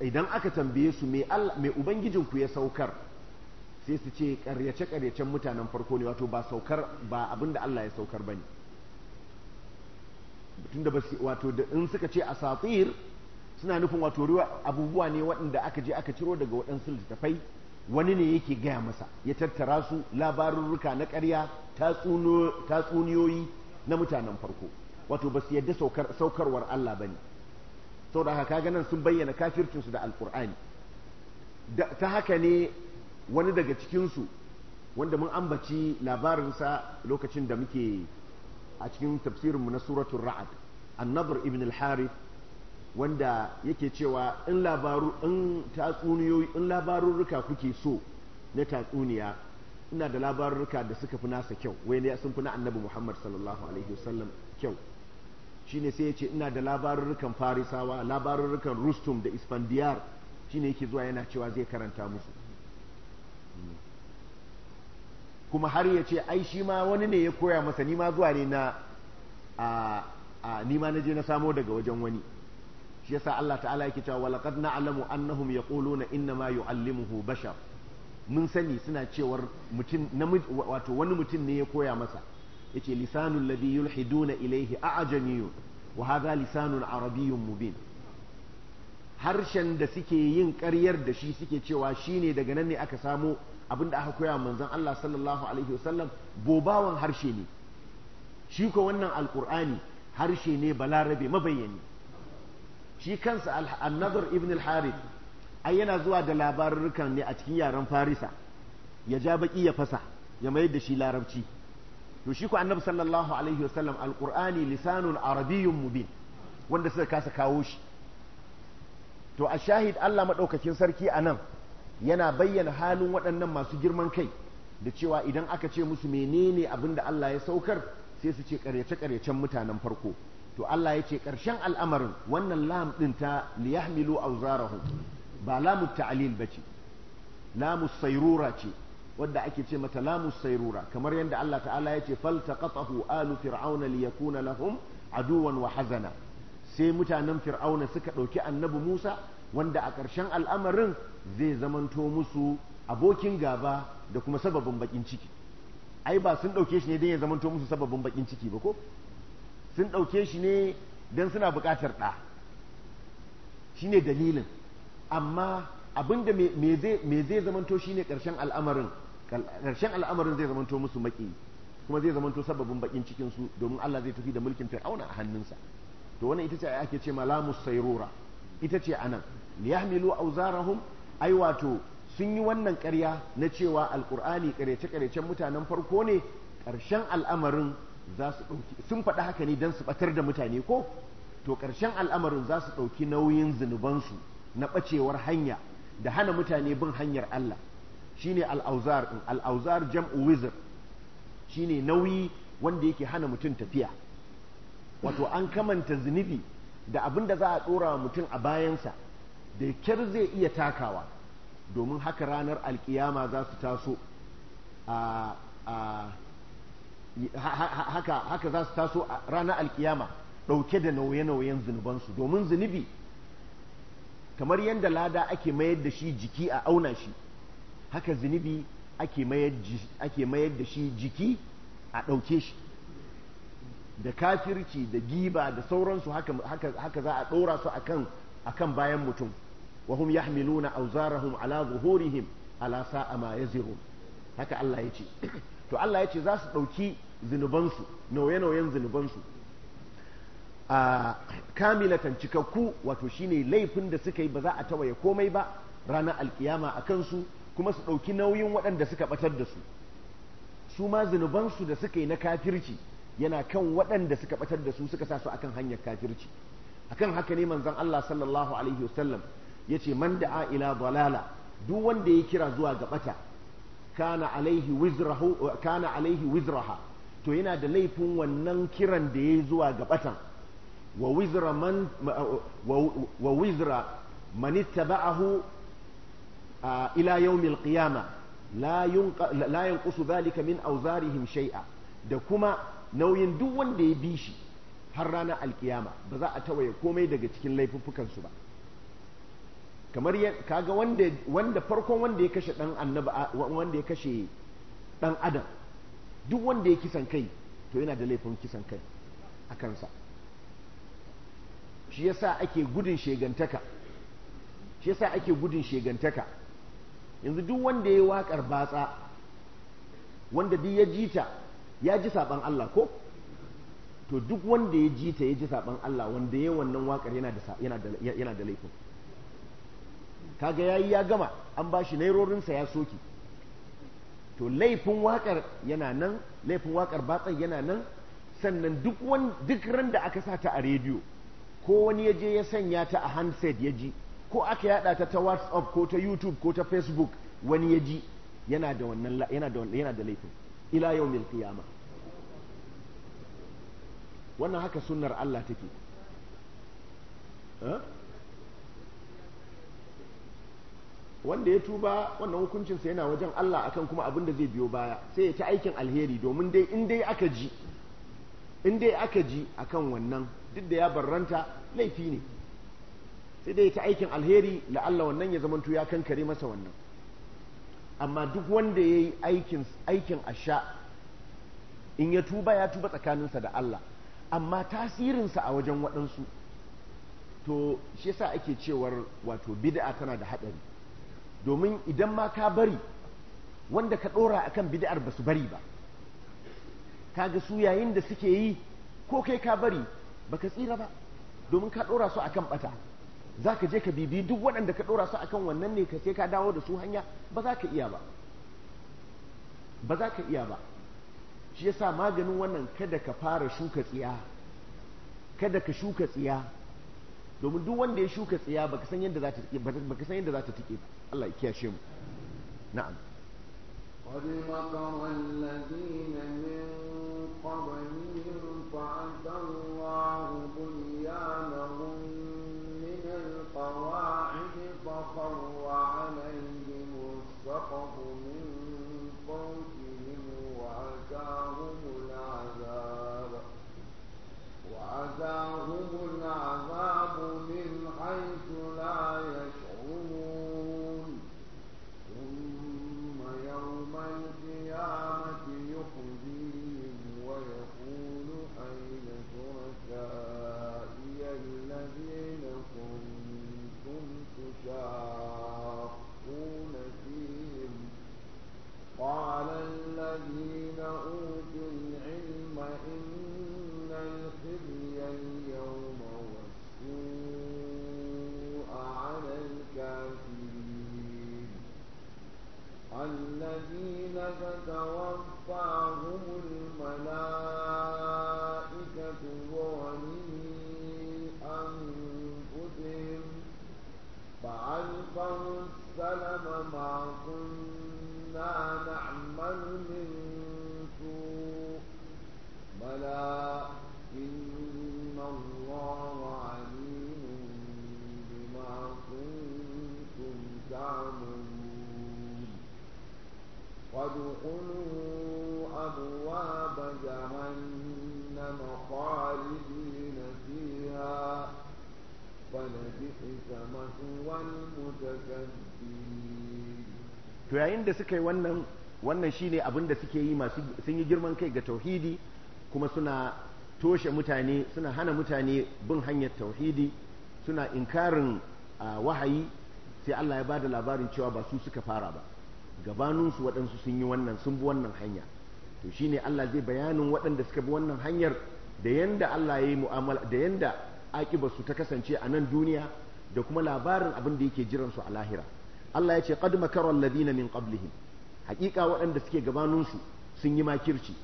[SPEAKER 1] idan aka tambaye su me ku ya saukar sai su ce karyace karyacen mutanen farko ne wato ba saukar ba abin da Allah ya saukar ba ne tunda ba wato da in suka ce asatir suna nufin wato ruwa abubuwa ne waɗanda aka je aka ciro daga waɗansu littattafai wani ne yake gaya masa ya tattara su labarurruka na ƙarya tatsuniyoyi na mutanen farko wato ba su yadda saukarwar Allah ba ne saboda haka kaga nan sun bayyana kafircinsu da alkur'ani ta haka ne wani daga cikinsu wanda mun ambaci labarinsa lokacin da muke a cikin tafsirinmu na suratun ra'ad annabar ibn al-harith wanda yake cewa in labaru in tatsuniyoyi in labarurruka kuke so na tatsuniya ina da labarurruka da suka fi nasa kyau wai ne sun fi na annabi Muhammad sallallahu alaihi wasallam kyau shine sai yace ina da labarurrukan farisawa labarurrukan rustum da isfandiyar shine yake zuwa yana cewa zai karanta musu kuma har ya ce ai shi ma wani ne ya koya masa ni ma zuwa ne na a ni ma na je na samo daga wajen wani shi yasa Allah ta'ala yake cewa walaqad na'lamu annahum yaquluna inna ma yu'allimuhu bashar mun sani suna cewar mutum wato wani mutum ne ya koya masa yace lisanul ladhi yulhiduna ilayhi a'jamiyun wa hadha lisanun arabiyyun mubin harshen da suke yin ƙaryar da shi suke cewa shine daga nan ne aka samo abin da aka koya manzon Allah sallallahu alaihi wasallam bobawan harshe ne shi ko wannan alqur'ani harshe ne balarabe mabayyani shi kansa annadar ibn al-harith ai yana zuwa da labarurrukan ne a cikin yaren farisa ya ja baki ya fasa ya mayar da shi larabci to shi ku annabi sallallahu alaihi wasallam alqur'ani lisanun arabiyyun mubin wanda suka kasa kawo shi to a shahid Allah madaukakin sarki anan yana bayyana halin waɗannan masu girman kai da cewa idan aka ce musu menene abin da Allah ya saukar sai su ce karyace-karyacen mutanen farko to Allah ya ce ƙarshen al'amarin wannan lam ɗin ta liyahmilu auzarahum ba lamu ta'alil ba ce lamu sairura ce wadda ake ce mata lamu sairura kamar yadda Allah ta'ala ya ce faltaqatahu alu fir'auna liyakuna lahum aduwan wa hazana sai mutanen fir'auna suka ɗauki annabi Musa wanda a ƙarshen al'amarin zai zamanto musu abokin gaba da kuma sababin bakin ciki ai ba sun ɗauke shi ne don ya zamanto musu sababin bakin ciki ba ko sun ɗauke shi ne don suna buƙatar ɗa shi ne dalilin amma abinda me zai zamanto shi ne ƙarshen al'amarin ƙarshen al'amarin zai zamanto musu maƙi kuma zai zamanto sababin baƙin cikinsu domin Allah zai tafi da mulkin fir'auna a hannunsa to wannan ita ce ake ce malamus sairura ita ce anan liyahmilu auzarahum ai wato sun yi wannan ƙarya na cewa alƙur'ani ƙaryace-ƙaryacen mutanen farko ne ƙarshen al'amarin za su ɗauki sun faɗi haka ne don su ɓatar da mutane ko to ƙarshen al'amarin za su ɗauki nauyin zunubansu na ɓacewar hanya da hana mutane bin hanyar Allah shine al'auzar al'auzar jam'u wizir shine nauyi wanda yake hana mutum tafiya wato an kamanta zunubi da abin da za a ɗora mutum a bayansa da kyar zai iya takawa domin haka ranar alkiyama za taso a haka haka za su taso a ranar alkiyama ɗauke da nauye-nauyen zunubansu domin zunubi kamar yadda lada ake mayar da shi jiki a auna shi haka zunubi ake mayar da shi jiki a ɗauke shi da kafirci da giba da sauransu haka za a ɗora su akan bayan mutum wahum yahmiluna auzarahum ala zuhurihim ala sa'a ma yazirun haka Allah ya ce to Allah ya ce za su ɗauki Zinubansu nauye-nauyen zinubansu a kamilatan cikakku wato shine laifin da suka yi ba za a tawaye komai ba ranar alkiyama a kansu kuma su ɗauki nauyin waɗanda suka ɓatar da su su ma zunubansu da suka yi na kafirci yana kan waɗanda suka ɓatar da su suka sa su akan hanyar kafirci akan haka ne manzon Allah sallallahu alaihi wasallam ya ce man da'a ila dalala duk wanda ya kira zuwa ga ɓata kana alaihi wizrahu kana alaihi wizraha to yana da laifin wannan kiran da ya yi zuwa ga batan wa wizra man a ila yawmil qiyama la kusu dhalika min awzarihim shay'a da kuma nauyin duk wanda ya bi shi har ranar alkiyama ba za a tawaye komai daga cikin laifuffukansu ba kamar kaga wanda farkon ya kashe dan wanda ya kashe dan adam duk wanda ya kisan kai to yana da laifin kisan kai a kansa shi yasa ake gudun shegantaka shi yasa ake gudun shegantaka yanzu duk wanda ya wakar batsa wanda duk ya jita ya ji saɓan Allah ko to duk wanda ya jita ya ji saɓan Allah wanda ya wannan wakar yana da laifin kaga ya yi ya gama an bashi nairorinsa ya soke to laifin wakar yana nan laifin wakar batsan yana nan sannan duk duk ran da aka sata a rediyo ko wani ya je ya sanya ta a handset ya ji ko aka yada ta ta whatsapp ko ta youtube ko ta facebook wani ya ji yana da wannan yana da yana da laifin ila yawmil qiyama wannan haka sunnar Allah take eh wanda ya tuba wannan hukuncinsa yana wajen Allah akan kuma abin da zai biyo baya sai ya ta aikin alheri domin dai in dai aka ji in dai aka ji akan wannan duk da ya barranta laifi ne sai dai ta aikin alheri la'alla wannan ya zamanto ya kankare masa wannan amma duk wanda ya yi aikin aikin asha in ya tuba ya tuba tsakaninsa da Allah amma tasirinsa a wajen waɗansu to shi yasa ake cewar wato bid'a tana da haɗari domin idan ma ka bari wanda ka ɗora kan bid'ar ba su bari ba ka ga su yayin da suke yi ko kai ka bari ba ka tsira ba domin ka ɗora su a kan bata za ka je ka bibi duk waɗanda ka ɗora su a kan wannan ne ka sai ka dawo da su hanya ba za ka iya ba ba za ka iya ba shi yasa maganin wannan kada ka fara shuka tsiya kada ka shuka tsiya domin duk wanda ya shuka tsiya ba ka san yadda za ta tike ba الله ya نعم
[SPEAKER 2] قد مكر الذين من قبلهم فعسى الله بنيانهم من القواعد فخر عليهم السقف من فوقهم وأتاهم العذاب وأتاهم العذاب من حيث لا يشاء تتوفاهم الملائكة ظالمي أنفسهم فألقوا السلم ما كنا نعمل من سوء بلى إن الله عليم بما كنتم تعملون وادخلوا أبواب جهنم خالدين فيها فلبئس مثوى المتكبرين
[SPEAKER 1] to yayin da suka yi wannan wannan shine abin da suke yi masu sun yi girman kai ga tauhidi kuma suna toshe mutane suna hana mutane bin hanyar tauhidi suna inkarin ah, wahayi sai Allah ya bada labarin cewa ba su suka fara ba gabaninsu waɗansu sun yi wannan sun bi wannan hanya to shine Allah zai bayanin waɗanda suka bi wannan hanyar da yanda Allah ya yi mu'amala da yanda aƙibarsu ta kasance a nan duniya da kuma labarin abin da yake su a lahira Allah ya ce qad makara alladhina min qablihim haƙiƙa waɗanda suke gabaninsu sun yi makirci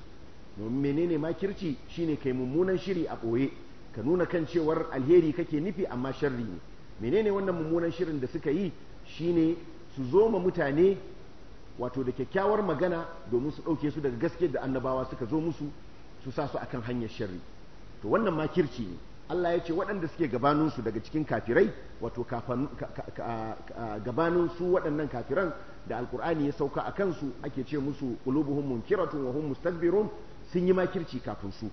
[SPEAKER 1] domin menene makirci shine kai mummunan shiri a ɓoye ka nuna kan cewar alheri kake nufi amma sharri ne menene wannan mummunan shirin da suka yi shine su zo ma mutane wato da kyakkyawar magana domin su ɗauke su daga gaske da annabawa suka zo musu su sa su akan hanyar sharri to wannan makirci ne Allah ya ce waɗanda suke gabaninsu daga cikin kafirai wato gabanin su waɗannan kafiran da alkur'ani ya sauka a kansu ake ce musu ƙulubuhun munkiratun wa hum mustakbirun sun yi makirci kafin su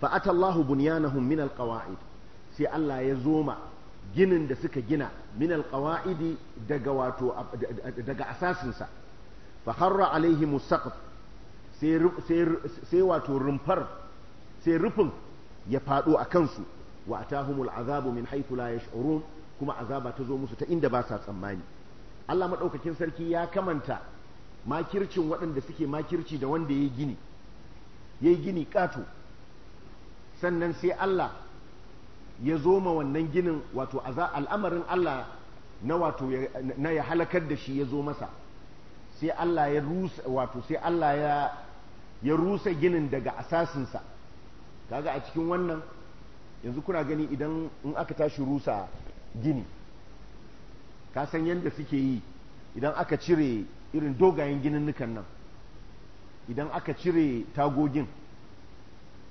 [SPEAKER 1] fa atallahu bunyanahum min sai Allah ya zoma ginin da suka gina min alqawaidi daga wato daga asasinsa fa harra alaihi musaqf sai wato rumfar sai rufin ya faɗo a kansu wa atahumul azabu min haythu la yash'urun kuma azaba ta zo musu ta inda ba sa tsammani Allah madaukakin sarki ya kamanta makircin waɗanda suke makirci da wanda yayi gini yayi gini kato sannan sai Allah ya zo ma wannan ginin wato al'amarin Allah na wato na ya halakar da shi ya zo masa sai Allah ya rusa wato sai Allah ya ya rusa ginin daga asasinsa kaga a cikin wannan yanzu kuna gani idan in aka tashi rusa gini ka san yadda suke yi idan aka cire irin dogayen ginin nukan nan idan aka cire tagogin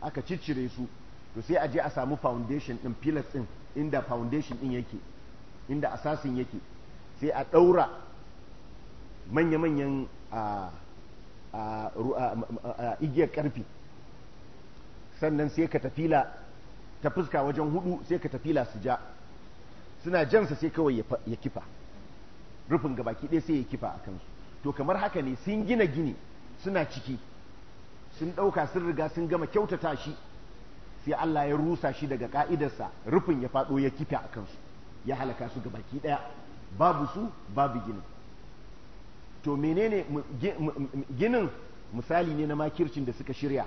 [SPEAKER 1] aka ciccire su to sai a je a samu foundation din pillars din inda foundation din yake inda asasin yake sai a ɗaura manya-manyan igiyar ƙarfi sannan sai ka tafila ta fuska wajen hudu sai ka tafila su ja suna jansa sai kawai ya kifa rufin gabaki ɗaya sai ya kifa a kansu to kamar haka ne sun gina gini suna ciki sun ɗauka sun riga sun gama kyautata shi sai Allah ya rusa shi daga ka'idarsa rufin ya faɗo ya kife a kansu ya halaka su gabaki ɗaya babu su babu ginin to menene ginin misali ne na makircin da suka shirya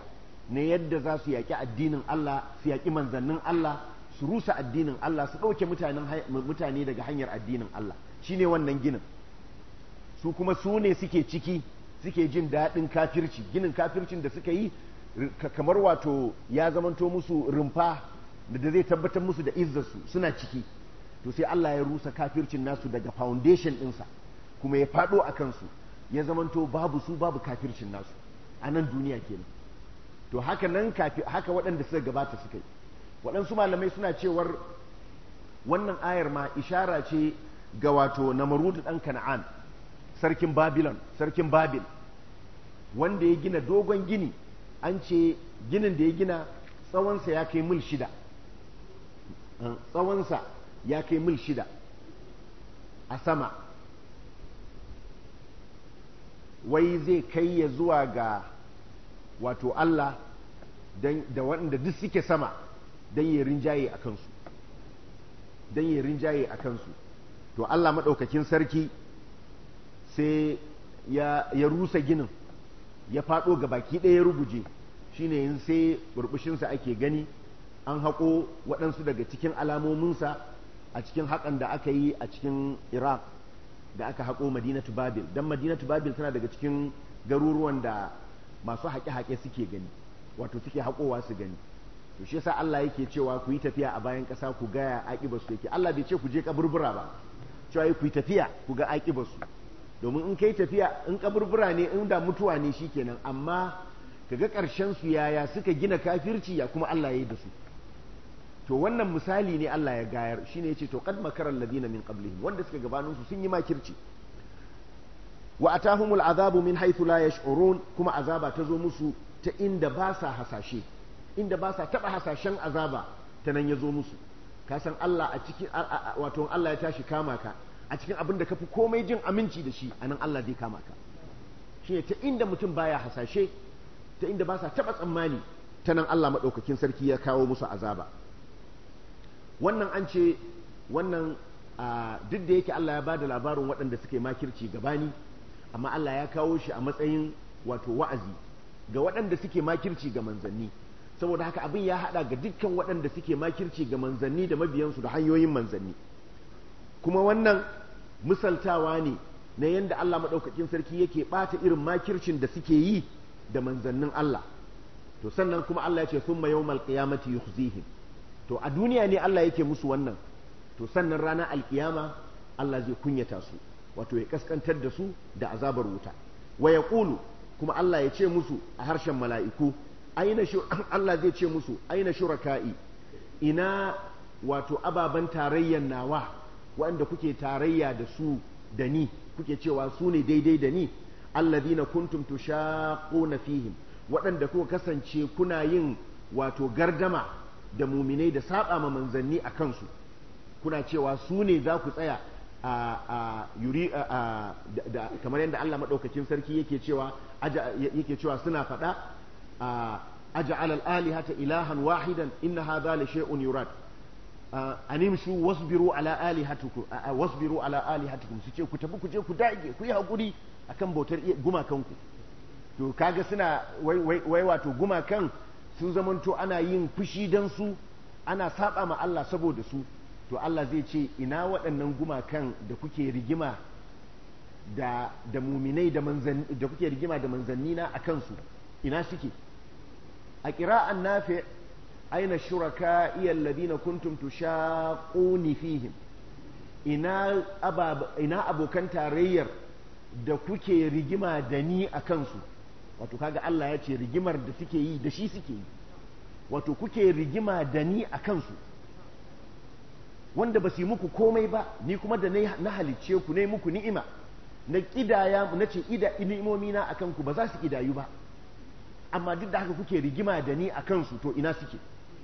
[SPEAKER 1] na yadda za su yaƙi addinin Allah su yaƙi manzannin Allah su rusa addinin Allah su ɗauke mutane daga hanyar addinin Allah shine wannan ginin su kuma su ne suke ciki suke jin daɗin kafirci ginin kafircin da suka yi kamar wato ya zamanto musu rumfa da zai tabbatar musu da izzarsu suna ciki to sai Allah ya rusa kafircin nasu daga foundation ɗinsa kuma ya faɗo a kansu ya zamanto babu su babu kafircin nasu a nan duniya kenan to haka nan haka waɗanda suka gabata suka yi waɗansu malamai suna cewar wannan ayar ma ishara ce ga wato namarudu ɗan kana'an sarkin babilon sarkin babil wanda ya gina dogon gini an ce ginin da ya gina tsawonsa ya kai mil shida tsawonsa ya kai mil shida a sama wai zai kai ya zuwa ga wato Allah da waɗanda duk suke sama don yi rinjaye a kansu don yi rinjaye a kansu to Allah maɗaukakin sarki sai ya rusa ginin ya faɗo ga baki ɗaya rubuje. shine yin sai burbushinsa ake gani an haƙo waɗansu daga cikin alamominsa a cikin haƙan da aka yi a cikin iraq da aka haƙo madinatu babil don madinatu babil tana daga cikin garuruwan da masu haƙe-haƙe suke gani wato suke haƙowa su gani to shi yasa Allah yake cewa ku yi tafiya a bayan ƙasa ku gaya aƙibar su yake Allah bai ce ku je kaburbura ba cewa ku yi tafiya ku ga aƙibar su domin in kai tafiya in kaburbura ne in da mutuwa ne shi shikenan amma Ka ga ƙarshen su yaya suka gina kafirci ya kuma Allah ya yi da su to wannan misali ne Allah ya gayar shine ce to qad makara ladina min qablihim wanda suka gabanin su sun yi makirci wa atahumul azabu min haythu la yash'urun kuma azaba ta zo musu ta inda ba sa hasashe inda ba sa taba hasashen azaba ta nan ya zo musu kasan san Allah a cikin wato Allah ya tashi kama ka a cikin abin da ka fi komai jin aminci da shi anan Allah zai kama ka shine ta inda mutum baya hasashe ta inda ba sa taɓa tsammani ta nan Allah maɗaukakin sarki ya kawo musu azaba wannan an ce wannan duk da yake Allah ya ba da labarin waɗanda suke makirci gabani amma Allah ya kawo shi a matsayin wato wa'azi ga waɗanda suke makirci ga manzanni saboda haka abin ya haɗa ga dukkan waɗanda suke makirci ga manzanni da mabiyansu da hanyoyin manzanni kuma wannan misaltawa ne na yadda Allah maɗaukakin sarki yake ɓata irin makircin da suke yi da manzannin Allah to sannan kuma Allah ya ce sun thumma yawmal qiyamati yukhzihim to a duniya ne Allah yake musu wannan to sannan ranar alkiyama Allah zai kunyata su wato ya kaskantar da su da azabar wuta wa yaqulu kuma Allah ya ce musu a harshen mala'iku Allah zai ce musu aina shuraka'i ina wato ababen tarayyar nawa waɗanda kuke tarayya da su da ni kuke cewa su ne daidai da ni alladhina kuntum tushaquna fihim waɗanda kuka kasance kuna yin wato gardama da muminai da saba ma manzanni a kansu kuna cewa su ne za ku tsaya a yuri kamar yadda Allah maɗaukakin sarki yake cewa yake cewa suna faɗa a aja'al al-alihata ilahan wahidan inna hadha la shay'un yurad animshu wasbiru ala alihatikum wasbiru ala alihatikum su ce ku tafi ku je ku dage ku yi hakuri akan bautar gumakanku to kaga suna wai wato gumakan sun zamanto ana yin fushi dan su ana saba ma Allah saboda su to Allah zai ce ina waɗannan gumakan da kuke rigima da da muminai da manzan da kuke rigima da manzanni na akan su ina suke a qira'an nafi aina shuraka iyal ladina kuntum tushaquni fihim ina ina abokan tarayyar da kuke rigima da ni a kansu wato kaga Allah ya ce rigimar da suke yi da shi suke yi wato kuke rigima da ni a kansu wanda ba su yi muku komai ba ni kuma da na halicce ku ne muku ni'ima na kidaya na ce ida ni'imomi na akan ba za su kidayu ba amma duk da haka kuke rigima da ni a kansu to ina suke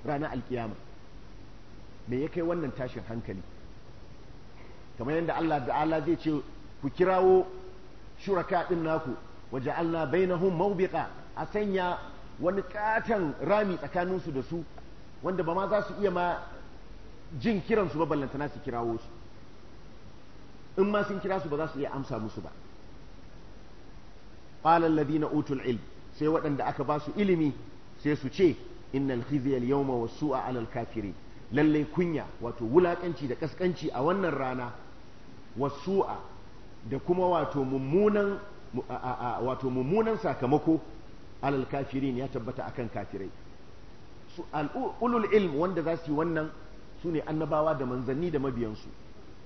[SPEAKER 1] ranar alkiyama me ya kai wannan tashin hankali kamar yadda Allah da Allah zai ce ku kirawo shuraka ɗin naku waje na bainahum maubiƙa a sanya wani katan rami tsakaninsu da su wanda ba ma za su iya ma jin kiransu su ba ballantana su kirawo su in ma sun kira su ba za su iya amsa musu ba qala alladhina utul ilm sai waɗanda aka ba su ilimi sai su ce innal khizya yawma was su'a alal lallai kunya wato wulakanci da kaskanci a wannan rana wasu'a da kuma wato mummunan sakamako alal kafirin ya tabbata akan kafirai su ulul ilm wanda za su yi wannan su ne annabawa da manzanni da mabiyansu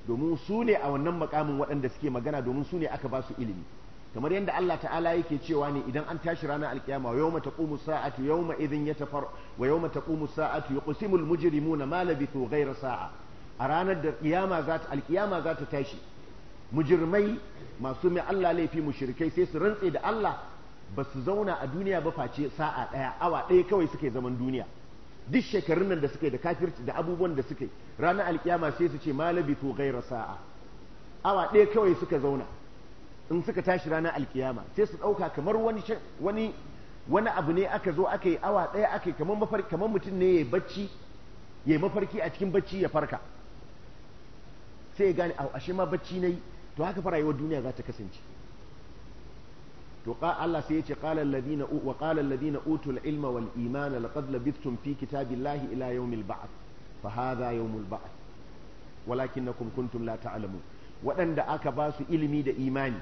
[SPEAKER 1] domin su ne a wannan makamin waɗanda suke magana domin su ne aka ba su ilimi kamar yadda Allah ta'ala yake cewa ne idan an tashi ranar alkiyama wa yawma taqumu sa'atu yawma idhin yatafar wa yawma taqumu sa'atu yuqsimul mujrimuna ma labithu ghayra sa'a a ranar da kiyama za ta alkiyama za ta tashi mujirmai masu mai Allah laifi mushrikai sai su rantse da Allah ba su zauna a duniya ba face sa'a ɗaya awa ɗaya kawai suke zaman duniya duk shekarun nan da suke da kafirci da abubuwan da suke ranar alkiyama sai su ce malabi to gaira sa'a awa ɗaya kawai suka zauna in suka tashi ranar alkiyama sai su ɗauka kamar wani wani wani abu ne aka zo aka yi awa ɗaya aka yi kamar mafarki kamar mutum ne ya bacci ya mafarki a cikin bacci ya farka sai ya gane a ashe ma bacci na yi to haka fa rayuwar duniya za ta kasance to Allah sai ya ce qala alladhina wa qala alladhina utul ilma wal imana laqad labithtum fi kitabillahi ila yawmil ba'th fa hadha yawmul ba'th walakinnakum kuntum la ta'lamun waɗanda aka ba su ilimi da imani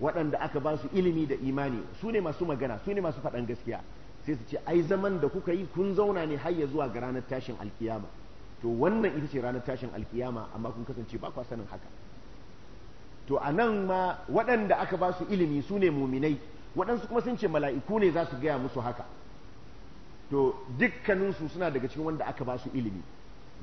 [SPEAKER 1] waɗanda aka ba su ilimi da imani su ne masu magana su ne masu faɗan gaskiya sai su ce ai zaman da kuka yi kun zauna ne har ya zuwa ga ranar tashin alkiyama to wannan ita ce ranar tashin alkiyama amma kun kasance ba kwa sanin haka to a nan ma waɗanda aka ba su ilimi su ne muminai waɗansu kuma sun ce mala'iku ne za su gaya musu haka to dukkaninsu suna daga cikin wanda aka ba su ilimi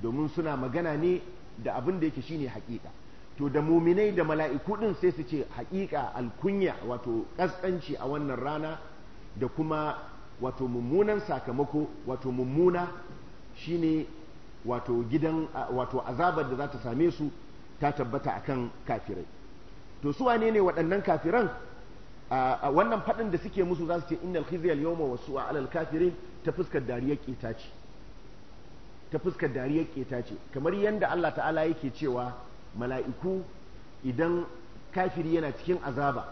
[SPEAKER 1] domin suna magana ne da abin da yake shine haƙiƙa to da muminai da mala'iku ɗin sai su ce haƙiƙa alkunya wato ƙasƙanci a wannan rana da kuma wato mummunan sakamako wato mummuna shine wato gidan wato azabar da za ta same su ta tabbata akan kafirai to su wane ne waɗannan kafiran a wannan faɗin da suke musu za su ce innal khizya al yawma wasu alal kafirin ta fuskar dariyar keta ce ta fuskar dariyar keta ce kamar yadda Allah ta'ala yake cewa mala'iku idan kafiri yana cikin azaba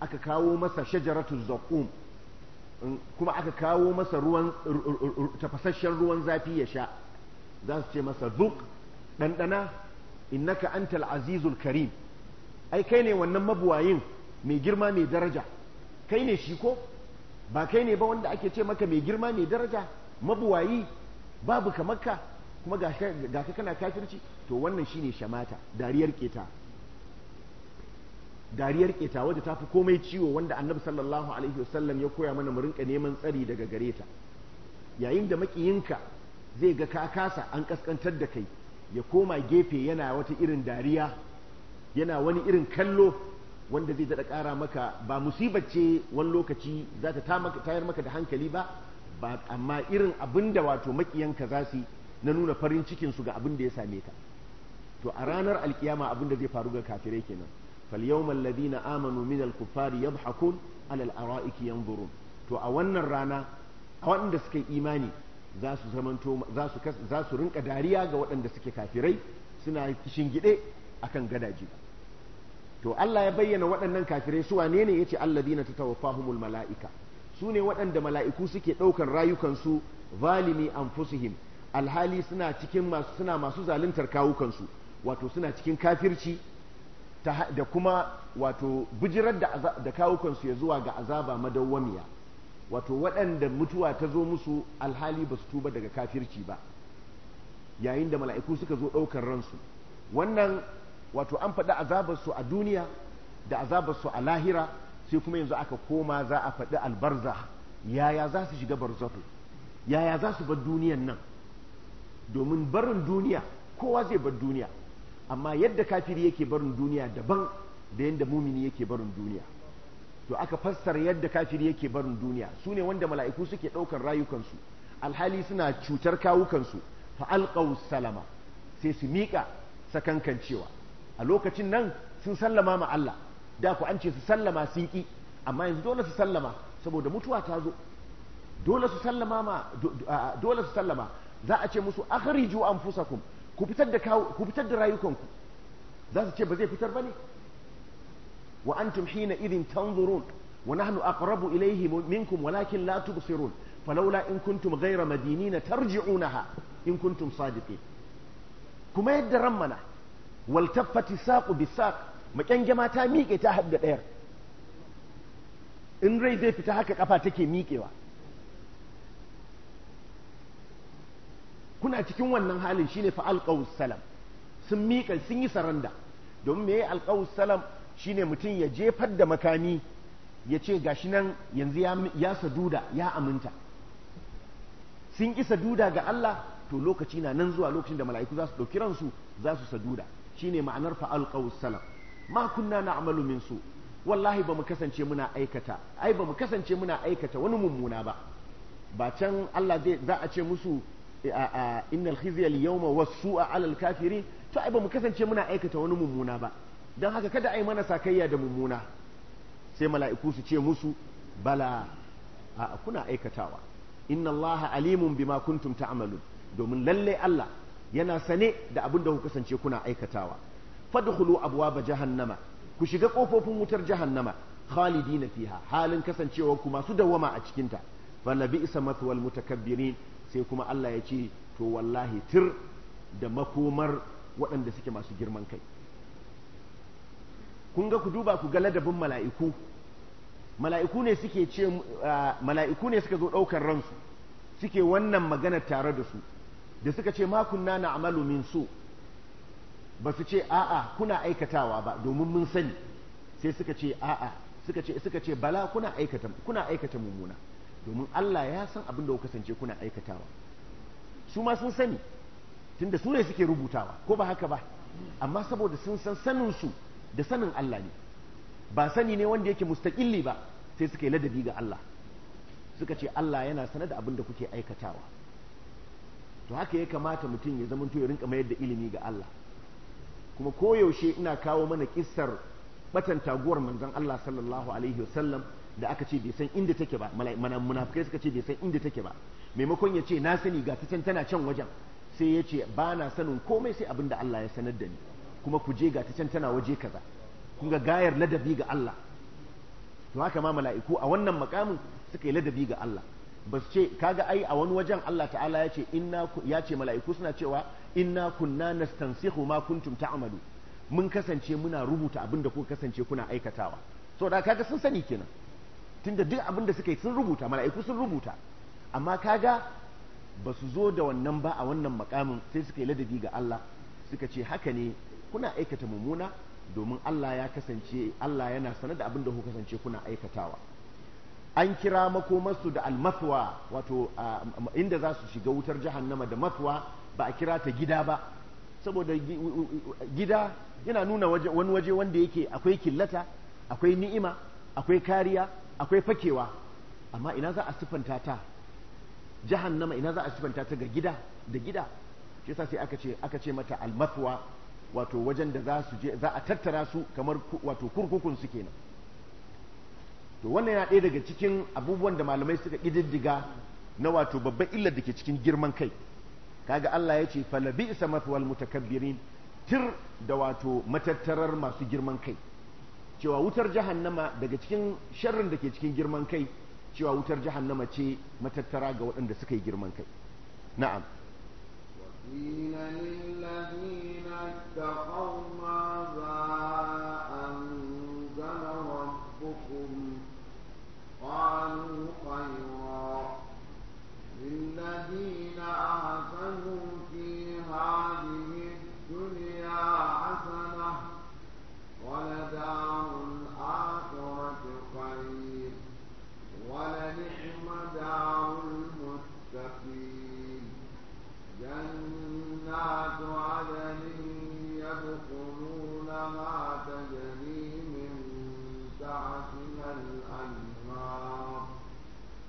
[SPEAKER 1] aka kawo masa shajaratu zaqum kuma aka kawo masa ruwan tafasasshen ruwan zafi ya sha za su ce masa zuk ɗanɗana innaka antal azizul karim ai kai ne wannan mabuwayin mai girma mai daraja kai ne shi ko ba kai ne ba wanda ake ce maka mai girma mai daraja mabuwayi babu kamar ka kuma ga ka kana kafirci to wannan shine shamata dariyar keta dariyar keta wadda ta fi komai ciwo wanda annabi sallallahu alaihi wasallam ya koya mana mu rinka neman tsari daga gare ta yayin da makiyinka zai ga kakasa an kaskantar da kai ya koma gefe yana wata irin dariya yana wani irin kallo wanda zai daɗa ƙara maka ba musibar ce wani lokaci za ta tayar maka da hankali ba ba amma irin abin da wato makiyanka za su na nuna farin cikinsu ga abin da ya same ka to a ranar alkiyama abin da zai faru ga kafirai kenan fal فاليوم الذين آمنوا kuffari الكفار يضحكون على الأرائك ينظرون to a wannan rana a waɗanda suke imani za su zamanto rinka dariya ga waɗanda suke kafirai suna kishin gide akan gadaji to Allah ya bayyana waɗannan kafirai su wane ne yace alladina tatawaffahumul malaika su ne waɗanda mala'iku suke ɗaukar rayukansu zalimi anfusihim alhali suna cikin masu suna masu zaluntar kawukansu wato suna cikin kafirci da kuma wato bijirar da, da kawukansu ya zuwa ga azaba madawwamiya wato waɗanda mutuwa ta zo musu alhali ba su tuba daga kafirci ba yayin da mala'iku suka zo ɗaukar ransu wannan wato an faɗi azabarsu a duniya da azabarsu a lahira sai kuma yanzu aka koma za a faɗi albarza yaya za su shiga barzahu yaya za su bar duniyan nan domin barin duniya kowa zai bar duniya amma yadda kafiri yake barin duniya daban da yadda mumini yake barin duniya to aka fassara yadda kafiri yake barin duniya su ne wanda mala'iku suke ɗaukar rayukansu alhali suna cutar kawukansu fa alƙaw salama sai su miƙa sakankancewa cewa a lokacin nan sun sallama ma Allah da ku an ce su sallama sun amma yanzu dole su sallama saboda mutuwa ta zo dole su sallama ma dole su sallama za a ce musu akhriju anfusakum ku fitar da ku fitar da rayukanku za su ce ba zai fitar bane wa antum hina idin tanzurun wa nahnu aqrabu ilayhi minkum walakin la tubsirun falawla in kuntum ghayra madinina tarji'unaha in kuntum sadiqin kuma yadda ran mana waltaffati taffati bi bisaq makyangyama ta miƙe ta hadda ɗayar in rai zai fita haka kafa take miƙewa kuna cikin wannan halin shine fa alqaus salam sun miƙa sun yi saranda domin me alqaus salam shine mutum ya jefar da makami ya ce gashi nan yanzu ya saduda ya aminta sun isa duda ga Allah to lokaci na nan zuwa lokacin da mala'iku za su ɗauki ransu za su saduda shine ma'anar fa alqaw salam ma kunna na'malu min su wallahi ba mu kasance muna aikata ai ba mu kasance muna aikata wani mummuna ba ba can Allah zai za a ce musu innal khizya al yawma was-su'a 'ala al to ai ba mu kasance muna aikata wani mummuna ba dan haka kada ai mana sakayya da mummuna sai mala'iku su ce musu bala a kuna aikatawa inna allaha alimun bima kuntum ta'malun domin lalle Allah yana sane da abin da ku kasance kuna aikatawa fadkhulu abwaaba jahannama ku shiga kofofin wutar jahannama khalidina fiha halin kasancewar ku masu dawama a cikin ta fa isa mathwal mutakabbirin sai kuma Allah ya ce to wallahi tir da makomar waɗanda suke masu girman kai kun ga ku duba ku ga ladabin mala'iku mala'iku ne suke ce ah, mala'iku ne suka zo ɗaukar ransu suke wannan magana tare da su da suka ce na na amalu min su ba su ce a'a kuna aikatawa ba domin mun sani sai suka ce a'a suka ce suka ce bala kuna aikata kuna aikata mummuna domin Allah ya san abin da kasance kuna aikatawa su ma sun sani tunda su ne suke rubutawa ko ba haka ba amma saboda sun san sanin su da sanin Allah ne ba sani ne wanda yake mustaqilli ba sai suka yi ladabi ga Allah suka ce Allah yana sanar da abin da kuke aikatawa to haka ya kamata mutum ya zama ya rinka mayar da ilimi ga Allah kuma koyaushe ina kawo mana kissar batan taguwar manzon Allah sallallahu alaihi wasallam da aka ce bai san inda take ba munafikai suka ce bai san inda take ba maimakon ya ce na sani ga ta can tana can wajen sai ya ce ba na sanin komai sai abin da Allah ya sanar da ni kuma ku je ga ta can tana waje kaza kun ga gayar ladabi ga Allah to haka ma mala'iku a wannan makamin suka yi ladabi ga Allah ba su ce kaga ai a wani wajen Allah ta'ala ya ce inna ya ce mala'iku suna cewa inna kunna nastansihu ma kuntum ta'malu mun kasance muna rubuta abin da kuka kasance kuna aikatawa so da kaga sun sani kenan tunda duk abin da suka yi sun rubuta mala'iku sun rubuta amma kaga ba su zo da wannan ba a wannan makamin sai suka yi ladabi ga Allah suka ce haka ne kuna aikata mummuna domin Allah ya kasance Allah yana sanar da abin da kuka kasance kuna aikatawa an kira makomarsu da almaswa wato inda za su shiga wutar jahannama da maswa ba a kira ta gida ba saboda gida yana nuna wani waje wanda yake akwai killata akwai ni'ima akwai kariya akwai fakewa amma ina za a siffanta ta jahannama ina za a siffanta ta ga gida da gida shi yasa sai aka ce mata almaswa wato wajen da za za a tattara su kamar wato kurkukun su kenan to wannan yana ɗaya daga cikin abubuwan da malamai suka ƙididdiga na wato babban illar da ke cikin girman kai kaga Allah ya ce falabi isa mafiwal mutakabbirin tir da wato matattarar masu girman kai cewa wutar jahannama daga cikin sharrin da ke cikin girman kai cewa wutar jahannama ce matattara ga waɗanda suka yi girman kai na'am
[SPEAKER 2] فعلوا خيرا للذين في هذه الدنيا حسنة ولدار خير دار المتقين جنات عدن تجري من تحتها الأنهار النار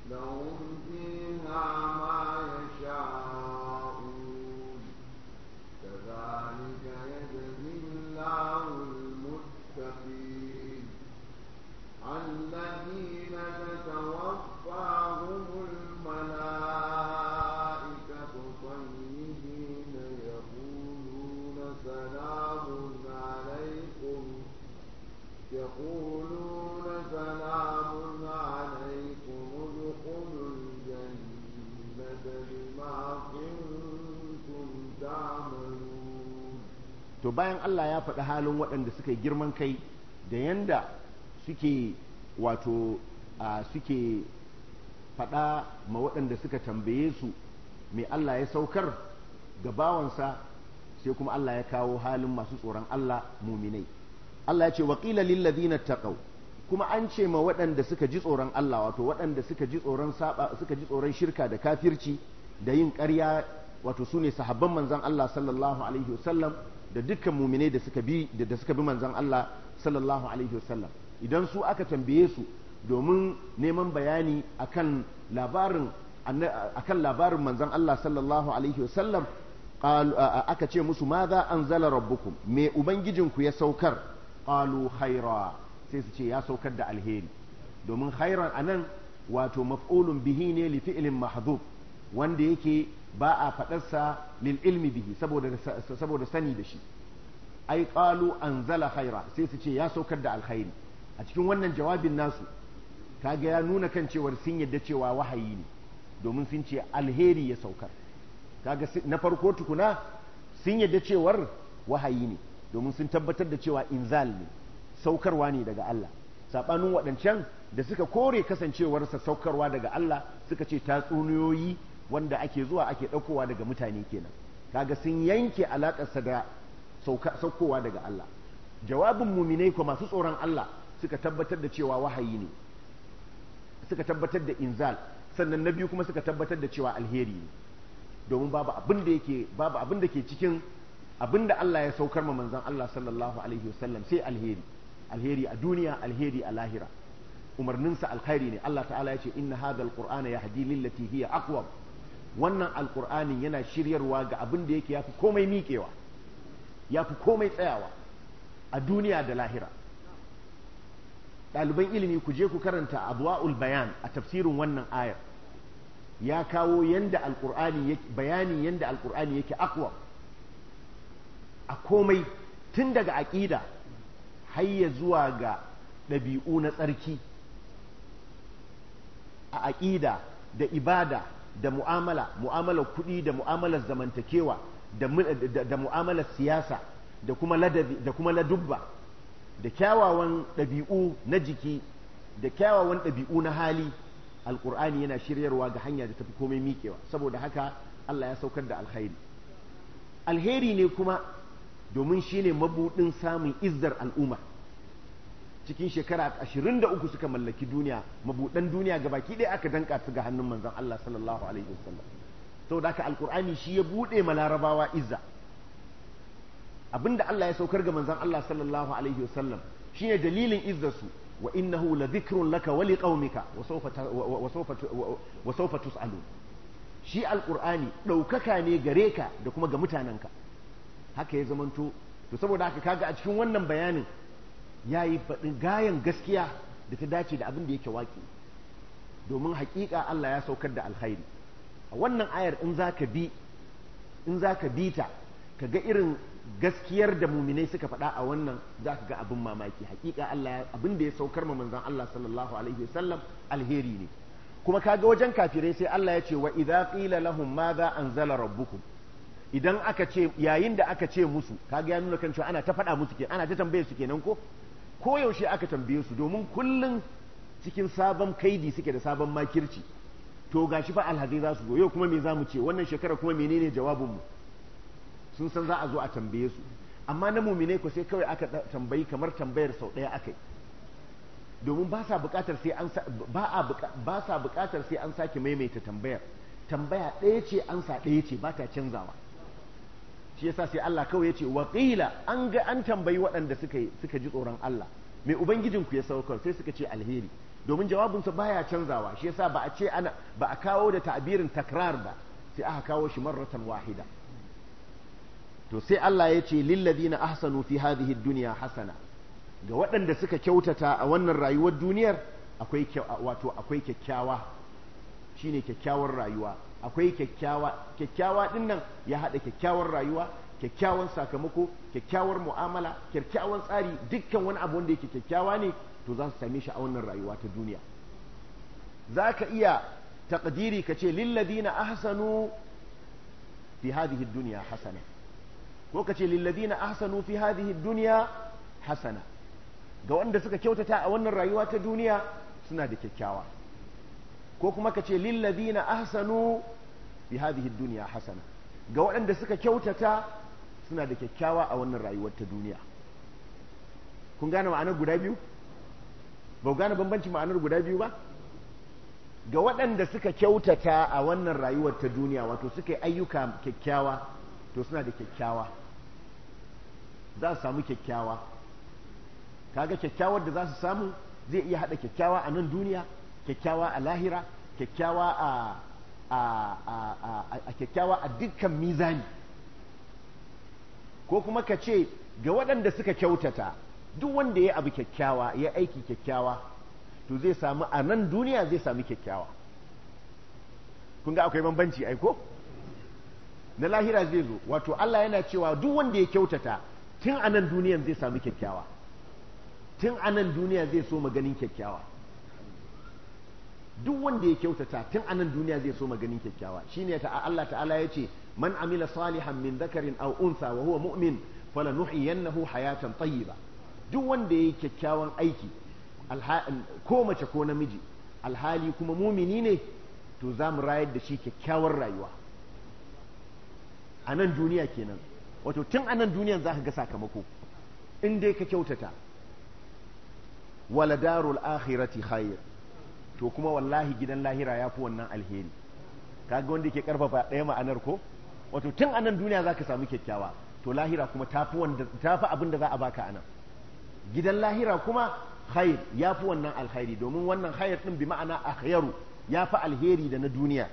[SPEAKER 2] لهم فيها ما يشاءون كذلك يجزي
[SPEAKER 1] to bayan Allah ya faɗi halin waɗanda suka yi girman kai da yanda suke wato suke faɗa ma waɗanda suka tambaye su mai Allah ya saukar ga bawansa sai kuma Allah ya kawo halin masu tsoron Allah muminai Allah ya ce waƙila lillazina taqaw kuma an ce ma waɗanda suka ji tsoron Allah wato waɗanda suka ji tsoron saba suka ji tsoron shirka da kafirci da yin ƙarya wato sune sahabban manzon Allah sallallahu alaihi wasallam da dukkan muminai da suka bi da suka bi manzon Allah sallallahu alaihi wasallam idan su aka tambaye su domin neman bayani akan labarin akan labarin manzon Allah sallallahu alaihi wasallam aka ce musu maza anzala rabbukum me ubangijinku ya saukar qalu khaira sai su ce ya saukar da alheri domin khairan anan wato maf'ulun bihi ne li fi'lin mahdhub wanda yake ba a faɗarsa lil ilmi bihi saboda sani da shi ai qalu anzala khaira sai su ce ya saukar da alkhairi a cikin wannan jawabin nasu kaga ya nuna kan cewar sun yadda cewa wahayi ne domin sun ce alheri ya saukar kaga na farko tukuna sun yadda cewar wahayi ne domin sun tabbatar da cewa inzal ne saukarwa ne daga Allah sabanin waɗancan da suka kore kasancewarsa saukarwa daga Allah suka ce tatsuniyoyi wanda ake zuwa ake ɗaukowa daga mutane kenan kaga sun yanke alakarsa da saukowa daga Allah jawabin muminai ko masu tsoron Allah suka tabbatar da cewa wahayi ne suka tabbatar da inzal sannan na biyu kuma suka tabbatar da cewa alheri ne domin babu abin da yake babu abin da ke cikin abin da Allah ya saukar ma manzon Allah sallallahu alaihi wasallam sai alheri alheri a duniya alheri a lahira umarninsa alkhairi ne Allah ta'ala ya ce inna hadha alqur'ana yahdi lillati hiya aqwam wannan alkur'anin yana shiryarwa ga abin da yake fi komai miƙewa fi komai tsayawa a duniya da lahira ɗaliban ilimi ku je ku karanta abuwaul bayan a tafsirin wannan ayar ya kawo yanda alkur'ani bayani yanda alkur'ani yake akwa a komai tun daga aƙida hayya zuwa ga ɗabi'u na tsarki a aƙida da ibada da mu'amala mu'amalar kuɗi da mu'amalar zamantakewa da mu'amalar siyasa da kuma ladabi da kuma ladubba da kyawawan ɗabi'u na jiki da kyawawan ɗabi'u na hali Alƙur'ani yana shiryarwa ga hanya da tafi komai miƙewa saboda haka Allah ya saukar da alkhairi alheri ne kuma domin shine mabuɗin samun izzar al'umma cikin shekara ashirin da uku suka mallaki duniya mabudan duniya ga baki ɗaya aka danka su ga hannun manzon Allah sallallahu alaihi wasallam saboda haka alkur'ani shi ya buɗe ma larabawa izza abinda Allah ya saukar ga manzon Allah sallallahu alaihi wasallam shine dalilin su wa innahu la dhikrun laka wa liqaumika wa sawfa wa sawfa shi alkur'ani daukaka ne gare ka da kuma ga mutanenka haka ya zamanto to saboda haka kaga a cikin wannan bayanin ya yi faɗin gayan gaskiya da ta dace da abin da yake waƙi domin haƙiƙa Allah ya saukar da alkhairi a wannan ayar in za ka bi in za ka bi ta ka ga irin gaskiyar da muminai suka faɗa a wannan za ka ga abin mamaki haƙiƙa Allah abin da ya saukar ma manzon Allah sallallahu alaihi wasallam alheri ne kuma ka ga wajen kafirai sai Allah ya ce wa idza qila lahum madha anzala rabbukum idan aka ce yayin da aka ce musu kaga ya nuna kan cewa ana ta faɗa musu ke ana ta tambaye su kenan ko koyaushe aka tambaye su domin kullum cikin sabon kaidi suke da sabon makirci to gashi fa alhazai za su zo yau kuma me za mu ce wannan shekara kuma menene jawabinmu sun san za a zo a tambaye su amma na mumine ko sai kawai aka tambayi kamar tambayar sau ɗaya aka yi domin ba sa buƙatar sai an sa buƙatar sake maimaita tambayar tambaya ɗaya ce ansa ɗaya ce ba ta canzawa shi yasa sai Allah kawai yace wa qila an ga an tambayi waɗanda suka suka ji tsoron Allah me ubangijin ku ya saukar sai suka ce alheri domin jawabin sa baya canzawa shi yasa ba a ce ana ba a kawo da ta'birin takrar ba sai aka kawo shi marratan wahida to sai Allah ya ce lilladina ahsanu fi hadhihi dunya hasana ga waɗanda suka kyautata a wannan rayuwar duniyar akwai wato akwai kyakkyawa shine kyakkyawar rayuwa akwai kyakkyawa kyakkyawa din nan ya haɗa kyakkyawar rayuwa kyakkyawan sakamako kyakkyawar mu'amala kyakkyawan tsari dukkan wani abu wanda yake kyakkyawa ne to za su same shi a wannan rayuwa ta duniya za ka iya taqdiri ka ce lilladina ahsanu fi hadhihi dunya hasana ko ka ce lilladina ahsanu fi hadhihi dunya hasana ga wanda suka kyautata a wannan rayuwa ta duniya suna da kyakkyawa ko kuma ka ce lillazina ahsanu bi hadhihi dunya hasana ga waɗanda suka kyautata suna da kyakkyawa a wannan rayuwar ta duniya kun gane ma'anar guda biyu ba ku gane banbancin ma'anar guda biyu ba ga waɗanda suka kyautata a wannan rayuwar ta duniya wato suka yi ayyuka kyakkyawa to suna da kyakkyawa za su samu kyakkyawa kaga kyakkyawar da za su samu zai iya haɗa kyakkyawa a nan duniya kyakkyawa a lahira kyakkyawa a a dukkan mizani ko kuma ka ce ga waɗanda suka kyautata duk wanda ya abu kyakkyawa ya aiki kyakkyawa to zai samu a nan duniya zai samu kyakkyawa kun ga akwai bambanci aiko na lahira zai zo wato Allah yana cewa duk wanda ya kyautata tun a nan duniyan zai samu kyakkyawa tun a nan duniya zai so maganin kyakkyawa duk wanda ya kyautata tun anan duniya zai so maganin kyakkyawa shine ta Allah ta'ala ya ce man amila salihan min dhakarin aw untha wa huwa mu'min falanuhyiyannahu hayatan tayyiba duk wanda ya kyakkyawan aiki ko mace ko namiji alhali kuma mumini ne to za mu rayar da shi kyakkyawar rayuwa a nan duniya kenan wato tun a nan duniyan za ka ga sakamako in dai ka kyautata wala darul akhirati khair to kuma wallahi gidan lahira ya fi wannan alheri Ka ga wanda ke karfafa ɗaya ma'anar ko wato tun a nan duniya ka samu kyakkyawa to lahira kuma ta fi abin da za a baka anan gidan lahira kuma khair ya fi wannan alheri domin wannan khair ɗin bi ma'ana akhyaru ya fi alheri da na duniya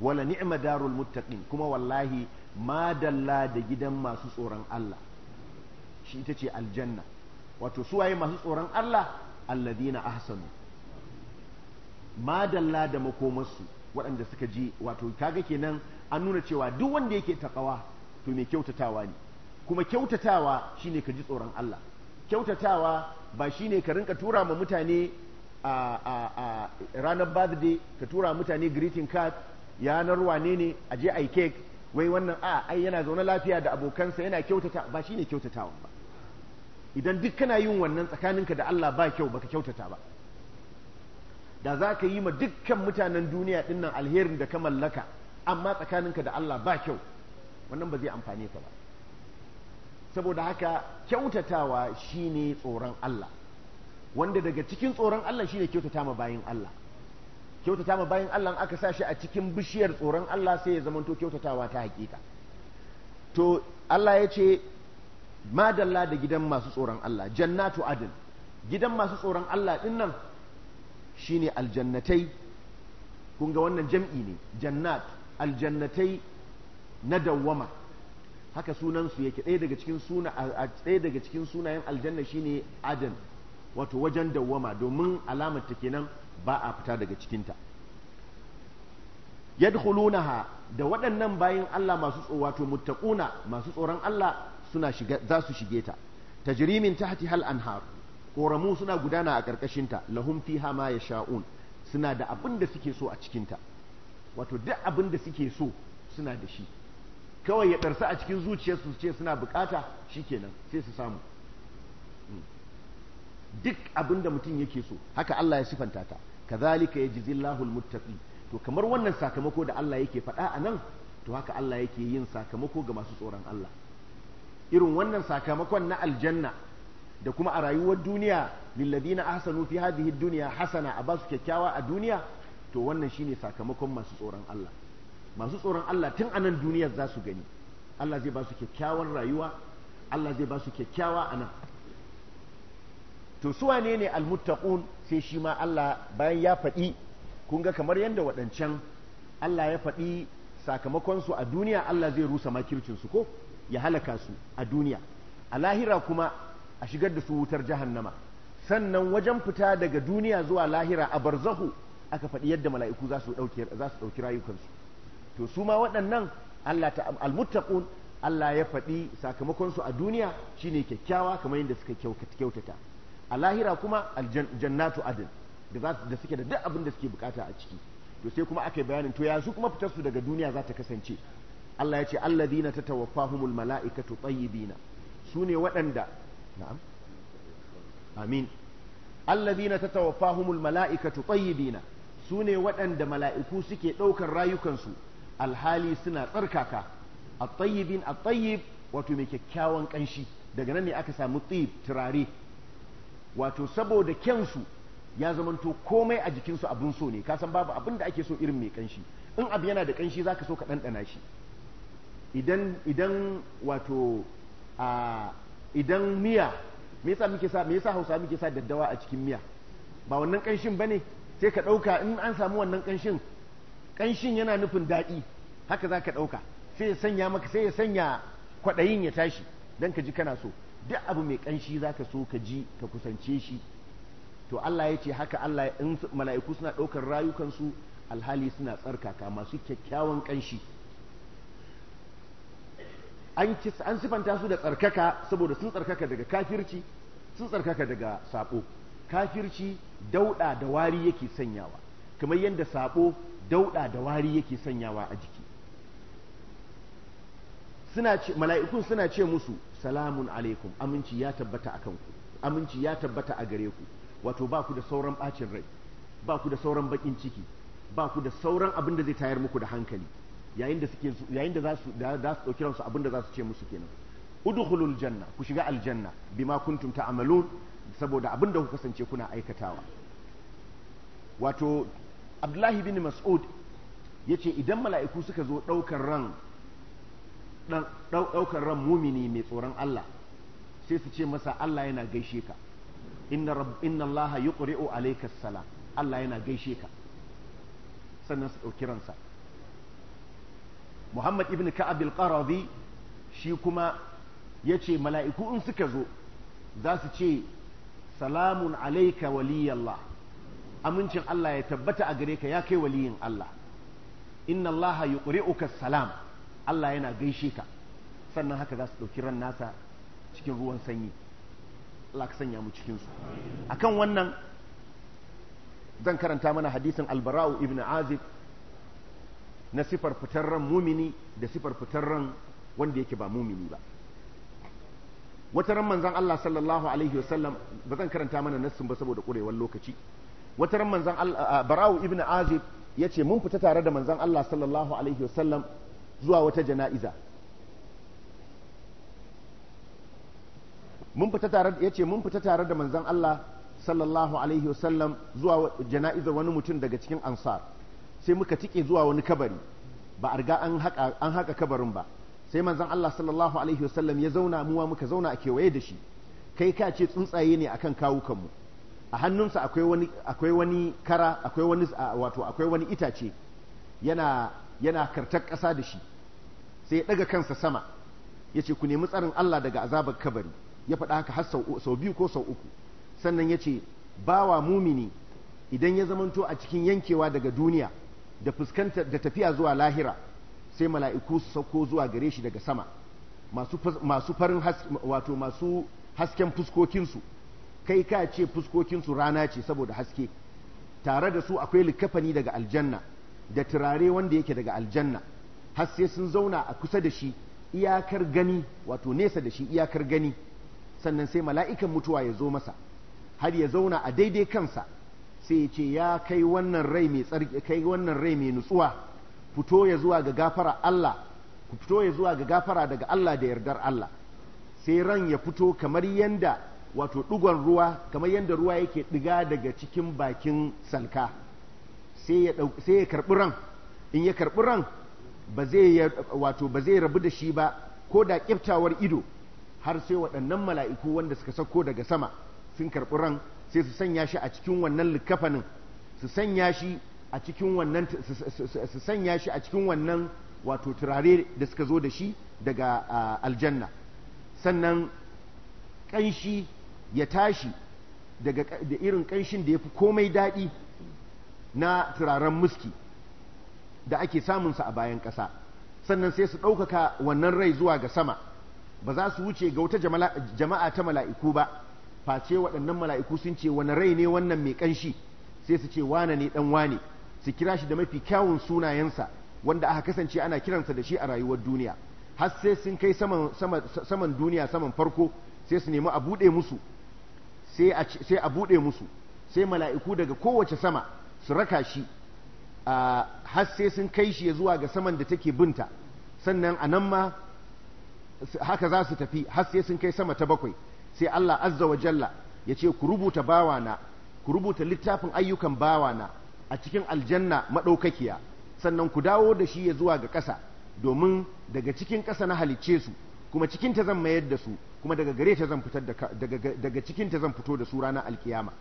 [SPEAKER 1] wala ni'ma darul muttaqin kuma wallahi ma dalla da gidan masu tsoron Allah shi ita ce aljanna wato suwaye masu tsoron Allah alladina ahsanu madalla da makomarsu waɗanda suka ji wato kaga kenan an nuna cewa duk wanda yake takawa to mai kyautatawa ne kuma kyautatawa shine ka ji tsoron Allah kyautatawa ba shine ka rinka tura ma mutane a ranar birthday ka tura mutane greeting card yanar wane ne a je ai cake wai wannan a ai yana zaune lafiya da abokansa yana kyautata ba shine kyautatawa ba idan duk kana yin wannan tsakaninka da Allah ba kyau baka kyautata ba da za ka yi ma dukkan mutanen duniya dinnan alherin da ka mallaka amma tsakaninka da Allah ba kyau wannan ba zai amfane ka ba saboda haka kyautatawa shine tsoron Allah wanda daga cikin tsoron Allah shine kyautata ma bayin Allah kyautata ma bayin Allah aka sa shi a cikin bishiyar tsoron Allah sai ya zamanto kyautatawa ta hakika to Allah ya ce madalla da gidan masu tsoron Allah jannatu adil gidan masu tsoron Allah din nan shine aljannatai kun ga wannan jam'i ne jannat aljannatai na dawwama haka sunansu yake ɗaya daga cikin suna ɗaya daga cikin sunayen aljanna shine adan wato wajen dawwama domin alamar ta kenan ba a fita daga cikinta yadkhulunaha da waɗannan bayin Allah masu wato muttaquna masu tsoron Allah suna shiga za su shige ta tajrimin tahtiha al-anhar ƙoramu suna gudana a ƙarƙashinta lahum fiha ma Sha'un suna da abin da suke so a cikinta wato duk abin da suke so suna da shi kawai ya ɗarsa a cikin zuciyarsu ce suna bukata shikenan sai su samu hmm. duk abin da mutum yake so haka Allah ya sifanta ta kazalika yajzillahu almuttaqi to kamar wannan sakamako da Allah yake faɗa a nan to haka Allah yake yin sakamako ga masu tsoron Allah irin wannan sakamakon na aljanna da kuma a rayuwar duniya lilladina ahsanu fi hadhihi dunya hasana a basu kyakkyawa a duniya to wannan shine sakamakon masu tsoron Allah masu tsoron Allah tun anan duniya za su gani Allah zai ba su kyakkyawan rayuwa Allah zai ba su kyakkyawa anan to su wane ne almuttaqun sai shi ma Allah bayan ya faɗi kun ga kamar yadda waɗancan Allah ya faɗi sakamakon su a duniya Allah zai rusa makircin su ko ya halaka su a duniya a lahira kuma a shigar da su wutar jahannama sannan wajen fita daga duniya zuwa lahira a barzahu aka faɗi yadda mala'iku za su ɗauki rayukansu to su ma waɗannan Allah ta almuttaqun Allah ya faɗi sakamakonsu a duniya shine kyakkyawa kamar yadda suka kyautata a lahira kuma aljannatu adin da suke da duk abin da suke bukata a ciki to sai kuma aka yi bayanin to ya su kuma fitar su daga duniya za ta kasance Allah ya ce alladhina tatawaffahumul mala'ikatu tayyibina sune waɗanda na'am amin alladhina tatawaffahumul mala'ikatu su ne waɗanda mala'iku suke ɗaukar rayukansu alhali suna tsarkaka at-tayyibin a tayyib wato mai kyakkyawan ƙanshi daga nan ne aka samu tsib turare wato saboda kyansu ya zamanto komai a jikinsu abin so ne kasan babu abin da ake so irin mai ƙanshi in abu yana da kanshi zaka so ka ɗanɗana shi idan idan wato idan miya me yasa muke sa me yasa Hausa muke sa daddawa a cikin miya ba wannan kanshin bane sai ka dauka in an samu wannan kanshin kanshin yana nufin daɗi haka za ka dauka sai ya sanya maka sai ya sanya kwaɗayin ya tashi dan ka ji kana so duk abu mai kanshi za ka so ka ji ka kusance shi to Allah ya ce haka Allah in mala'iku suna ɗaukar rayukansu alhali suna tsarkaka masu kyakkyawan kanshi an sifanta su da tsarkaka saboda sun tsarkaka daga kafirci sun tsarkaka daga sabo kafirci dauda da wari yake sanyawa kamar yadda sabo dauda da wari yake sanyawa a jiki suna ce mala'ikun suna ce musu salamun alaikum aminci ya tabbata akan ku aminci ya tabbata a gare ku wato ba ku da sauran bacin rai ba ku da sauran bakin ciki ba ku da sauran abin da zai tayar muku da hankali yayin da suke yayin da za su da su dauki ransu abinda za su ce musu kenan udkhulul janna ku shiga aljanna bima kuntum ta'malun saboda abinda ku kasance kuna aikatawa wato Abdullahi bin Mas'ud ya ce idan mala'iku suka zo daukar ran daukar mumini mai tsoron Allah sai su ce masa Allah yana gaishe ka inna rabb inna Allah yuqri'u Allah yana gaishe ka sannan su dauki ransa muhammad ibn ka'ab al shi kuma yace mala'iku in suka zo za su ce salamun alayka waliyallah amincin Allah ya tabbata a gare ka ya kai waliyin Allah inna Allah yuqri'uka salam Allah yana gaishe ka sannan haka za su ɗauki ran nasa cikin ruwan sanyi Allah ka sanya mu cikinsu akan wannan zan karanta mana hadisin albara'u ibn azib na sifar fitar ran mumini da sifar fitar ran wanda yake ba mumini ba wata ran manzon Allah sallallahu alaihi wasallam ba zan karanta mana nassin ba saboda kurewar lokaci wata ran manzon Barawu ibn Azib ce mun fita tare da manzan Allah sallallahu alaihi wasallam zuwa wata jana'iza mun fita tare yace mun fita tare da manzan Allah sallallahu alaihi wasallam zuwa jana'izar wani mutum daga cikin ansar sai muka tike zuwa wani kabari ba a riga an haka kabarin ba sai manzan Allah sallallahu alaihi wasallam ya zauna muwa muka zauna a kewaye da shi kai ka ce tsuntsaye ne akan kawukan mu a hannunsa akwai wani akwai wani kara akwai wani wato akwai wani itace yana yana kartar ƙasa da shi sai ya daga kansa sama ya ce ku nemi tsarin Allah daga azabar kabari ya faɗa haka har sau biyu ko sau uku sannan ya ce bawa mumini idan ya zamanto a cikin yankewa daga duniya da fuskantar da tafiya zuwa lahira sai mala'iku su sauko zuwa gare shi daga sama masu farin wato masu hasken fuskokinsu kai ka ce fuskokinsu rana ce saboda haske tare da su akwai likafani daga aljanna da turare wanda yake daga aljanna har sai sun zauna a kusa da shi iyakar gani wato nesa da shi iyakar gani sannan sai mala'ikan mutuwa ya zo masa har ya zauna a daidai kansa sai ya ce ya kai wannan rai mai tsarki kai wannan rai mai nutsuwa fito ya zuwa ga gafara Allah ku fito ya zuwa ga gafara daga Allah da yardar Allah sai ran ya fito kamar yanda wato dugon ruwa kamar yanda ruwa yake diga daga cikin bakin salka sai ya sai ya karbi ran in ya karbi ran ba zai wato ba zai rabu da shi ba ko da kiftawar ido har sai waɗannan mala'iku wanda suka sauko daga sama sun karɓi ran sai su sanya shi a cikin wannan likafanin su sanya shi a cikin wannan su sanya shi a cikin wannan wato turare da suka zo da shi daga aljanna sannan ƙanshi ya tashi da irin ƙanshin da ya fi komai daɗi na turaren muski da ake samunsa a bayan ƙasa sannan sai su ɗaukaka wannan rai zuwa ga sama ba za su wuce ga wata jama'a ta mala'iku ba face waɗannan mala'iku sun ce wani rai ne wannan mai ƙanshi sai su ce wane ne ɗan wane su kira shi da mafi kyawun sunayensa wanda aka kasance ana kiransa da shi a rayuwar duniya har sai sun kai saman, duniya saman farko sai su nemi a buɗe musu sai a buɗe musu sai mala'iku daga kowace sama su raka shi har sai sun kai shi ya zuwa ga saman da take binta sannan a nan ma haka za su tafi har sai sun kai sama ta bakwai sai Allah azza wa jalla ya ce ku rubuta bawana ku rubuta littafin ayyukan bawana a cikin aljanna maɗaukakiya sannan ku dawo da shi ya zuwa ga ƙasa domin daga cikin ƙasa na halicce su kuma cikin ta zan mayar da su kuma daga gare ta zan fitar daga cikin ta zan fito da su ranar alkiyama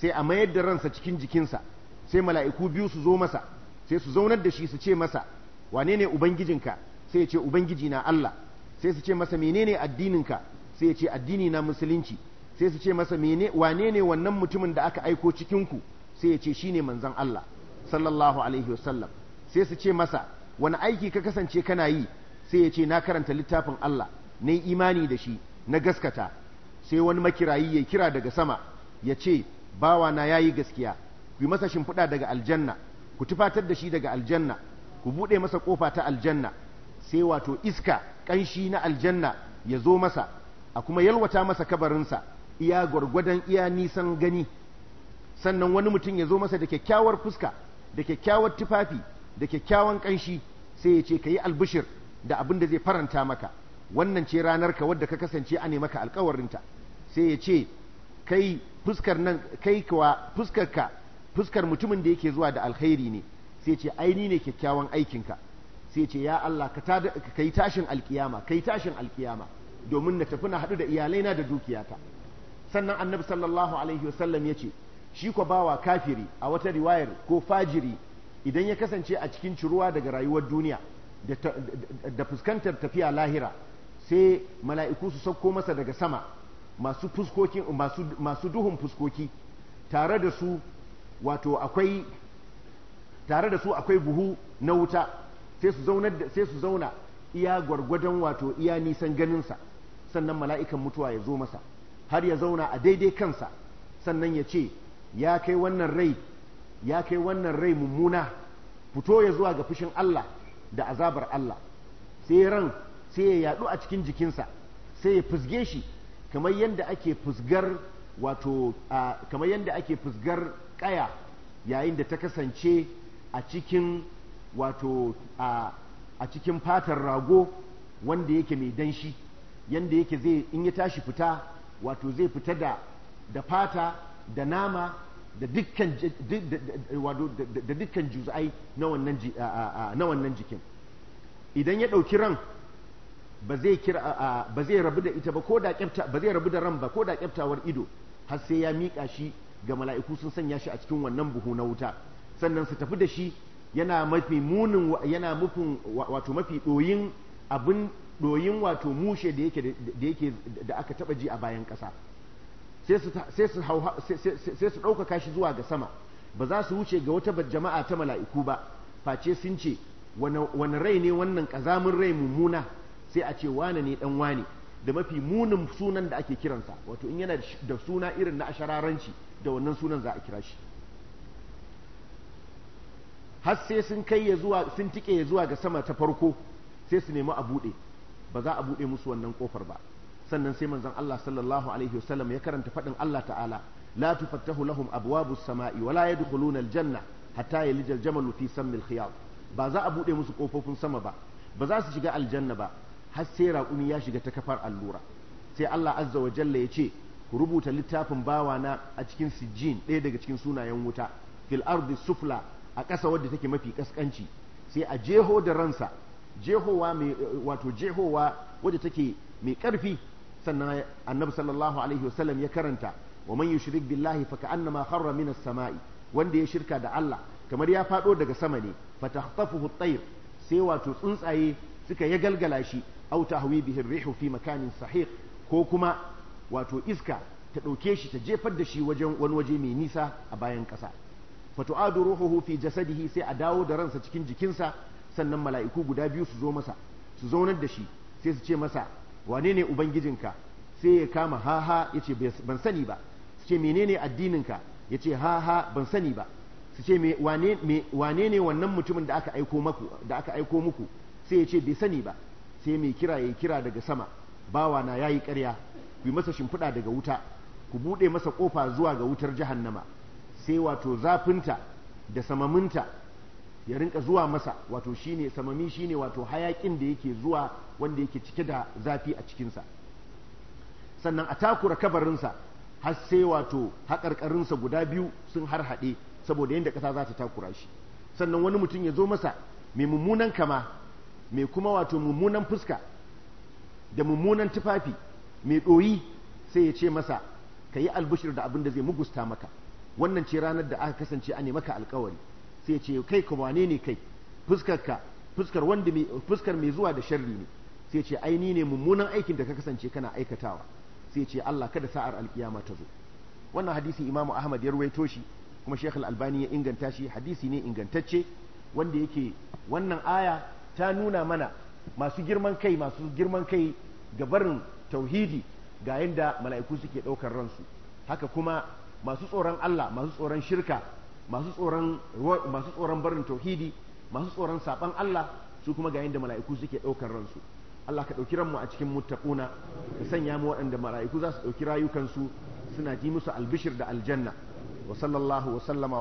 [SPEAKER 1] sai a mayar da ransa cikin jikinsa sai mala'iku biyu su zo masa sai su zaunar da shi su ce masa wane ne ubangijinka sai ya ce ubangiji na Allah sai su ce masa menene addininka sai ya ce addini na musulunci sai su ce masa wane ne wannan mutumin da aka aiko cikin ku sai ya ce shine manzon Allah sallallahu alaihi wasallam sai su ce masa wani aiki ka kasance kana yi sai ya ce na karanta littafin Allah na yi imani da shi na gaskata sai wani makirayi ya kira daga sama ya ce na ya yi gaskiya ku yi masa shimfiɗa daga aljanna ku tufatar da shi daga aljanna ku buɗe masa ƙofa ta aljanna sai wato iska ƙanshi na aljanna ya zo masa a kuma yalwata masa kabarinsa iya gwargwadon iya nisan gani sannan wani mutum ya zo masa da kyakkyawar fuska da kyakkyawar tufafi da kyakkyawan ƙanshi sai ya ce ka yi albishir da abin da zai faranta maka wannan ce ranar ka wadda ka kasance a maka alkawarinta sai ya ce kai fuskar nan kai kuwa fuskar fuskar mutumin da yake zuwa da alkhairi ne sai ce aini ne kyakkyawan aikinka sai ce ya Allah ka yi tashin alkiyama ka yi tashin alkiyama domin na tafi na haɗu da iyalaina da dukiyata sannan annabi sallallahu alaihi wasallam ya ce shi ko bawa kafiri a wata riwayar ko fajiri idan ya kasance a cikin ciruwa daga rayuwar duniya da fuskantar tafiya lahira sai mala'iku su sauko masa daga sama masu duhun fuskoki tare da su akwai tare da su akwai buhu na wuta sai su zauna iya gwargwadon wato iya nisan ganinsa sannan mala'ikan mutuwa ya zo masa har ya zauna a daidai kansa sannan ya ce ya kai wannan rai ya kai wannan rai mummuna fito ya zuwa ga fushin Allah da azabar Allah sai ran sai ya yaɗu a cikin jikinsa sai ya fusge shi kamar yadda ake fusgar wato fusgar kaya yayin da ta kasance a cikin wato a cikin fatar rago wanda yake mai danshi yanda yake zai in ya tashi fita wato zai fita da da fata da nama da dukkan da dukkan juz'ai na wannan jikin idan ya ɗauki ran ba zai rabu da ita ba ko da kyafta ba zai rabu da ran ba ko da kyaftawar ido har sai ya miƙa shi ga mala'iku sun sanya shi a cikin wannan buhu na wuta sannan su tafi da shi yana mafi munin yana mafi wato mafi ɗoyin abin doyin wato mushe da yake da aka taba ji a bayan ƙasa sai su ɗaukaka shi zuwa ga sama ba za su wuce ga wata jama'a ta mala'iku ba face sun ce wani rai ne wannan ƙazamin rai mummuna sai a ce wane ne ɗan wane da mafi munin sunan da ake kiransa wato in yana da suna irin na ashararanci da wannan sunan za a kira shi har sai sun kai zuwa sun tike ya zuwa ga sama ta farko sai su nemi a buɗe ba za a buɗe musu wannan kofar ba sannan sai manzon Allah sallallahu alaihi wasallam ya karanta faɗin Allah ta'ala la tufattahu lahum abwabus sama'i wala yadkhuluna aljanna hatta yalijal jamalu fi sammil khiyat ba za a buɗe musu kofofin sama ba ba za su shiga aljanna ba har sai raƙumi ya shiga ta kafar allura sai Allah azza wa jalla ya ce ku rubuta littafin bawana a cikin sijjin ɗaya daga cikin sunayen wuta fil ardi sufla a ƙasa wadda take mafi ƙasƙanci sai a jeho da ransa jehowa mai wato jehowa wadda take mai karfi sannan annabi sallallahu alaihi wasallam ya karanta wa man yushrik billahi fa ka'annama kharra minas sama'i wanda ya shirka da Allah kamar ya fado daga sama ne fatahtafuhu at-tayr sai wato tsuntsaye suka ya galgala shi aw tahwi bihi ar-rihu fi makanin sahih ko kuma wato iska ta dauke shi ta jefar da shi wajen wani waje mai nisa a bayan kasa fatu'adu ruhuhu fi jasadihi sai a dawo da ransa cikin jikinsa sannan mala'iku guda biyu su zo masa su zaunar da shi sai su ce masa wane ne ubangijinka sai ya kama ha ha ya ce ban sani ba su ce menene addininka ya ce ha ha ban sani ba su ce wane ne wannan mutumin da aka aiko muku sai ya ce bai sani ba sai mai kira ya kira daga sama bawa na yayi karya ku yi masa shimfiɗa daga wuta ku buɗe masa ƙofa zuwa ga wutar jahannama sai wato zafinta da samaminta ya rinka zuwa masa wato shine samami shine wato hayakin da yake zuwa wanda yake cike da zafi a cikinsa sannan a takura kabarinsa har sai wato haƙarƙarinsa guda biyu sun har haɗe saboda yadda ƙasa za ta takura shi sannan wani mutum ya zo masa mai mummunan kama mai kuma wato mummunan fuska da mummunan tufafi mai ɗoyi sai ya ce masa ka yi albishir da abin da zai mugusta maka wannan ce ranar da aka kasance a ne maka alkawari sai ce kai ka wane ne kai fuskarka fuskar wanda fuskar mai zuwa da sharri ne sai ce ai ne mummunan aikin da ka kasance kana aikatawa sai ce Allah kada sa'ar alkiyama ta zo wannan hadisi imamu Ahmad ya ruwaito shi kuma shekhal albani ya inganta shi hadisi ne ingantacce wanda yake wannan aya ta nuna mana masu girman kai masu girman kai ga barin tauhidi ga yanda mala'iku suke ɗaukar ransu haka kuma masu tsoron Allah masu tsoron shirka masu tsoron masu tsoron barin tauhidi masu tsoron saban Allah su kuma ga yanda mala'iku suke daukar ransu Allah ka dauki ranmu a cikin muttaquna ka sanya mu waɗanda mala'iku za su dauki rayukansu suna ji musu albishir da aljanna wa sallallahu wa sallama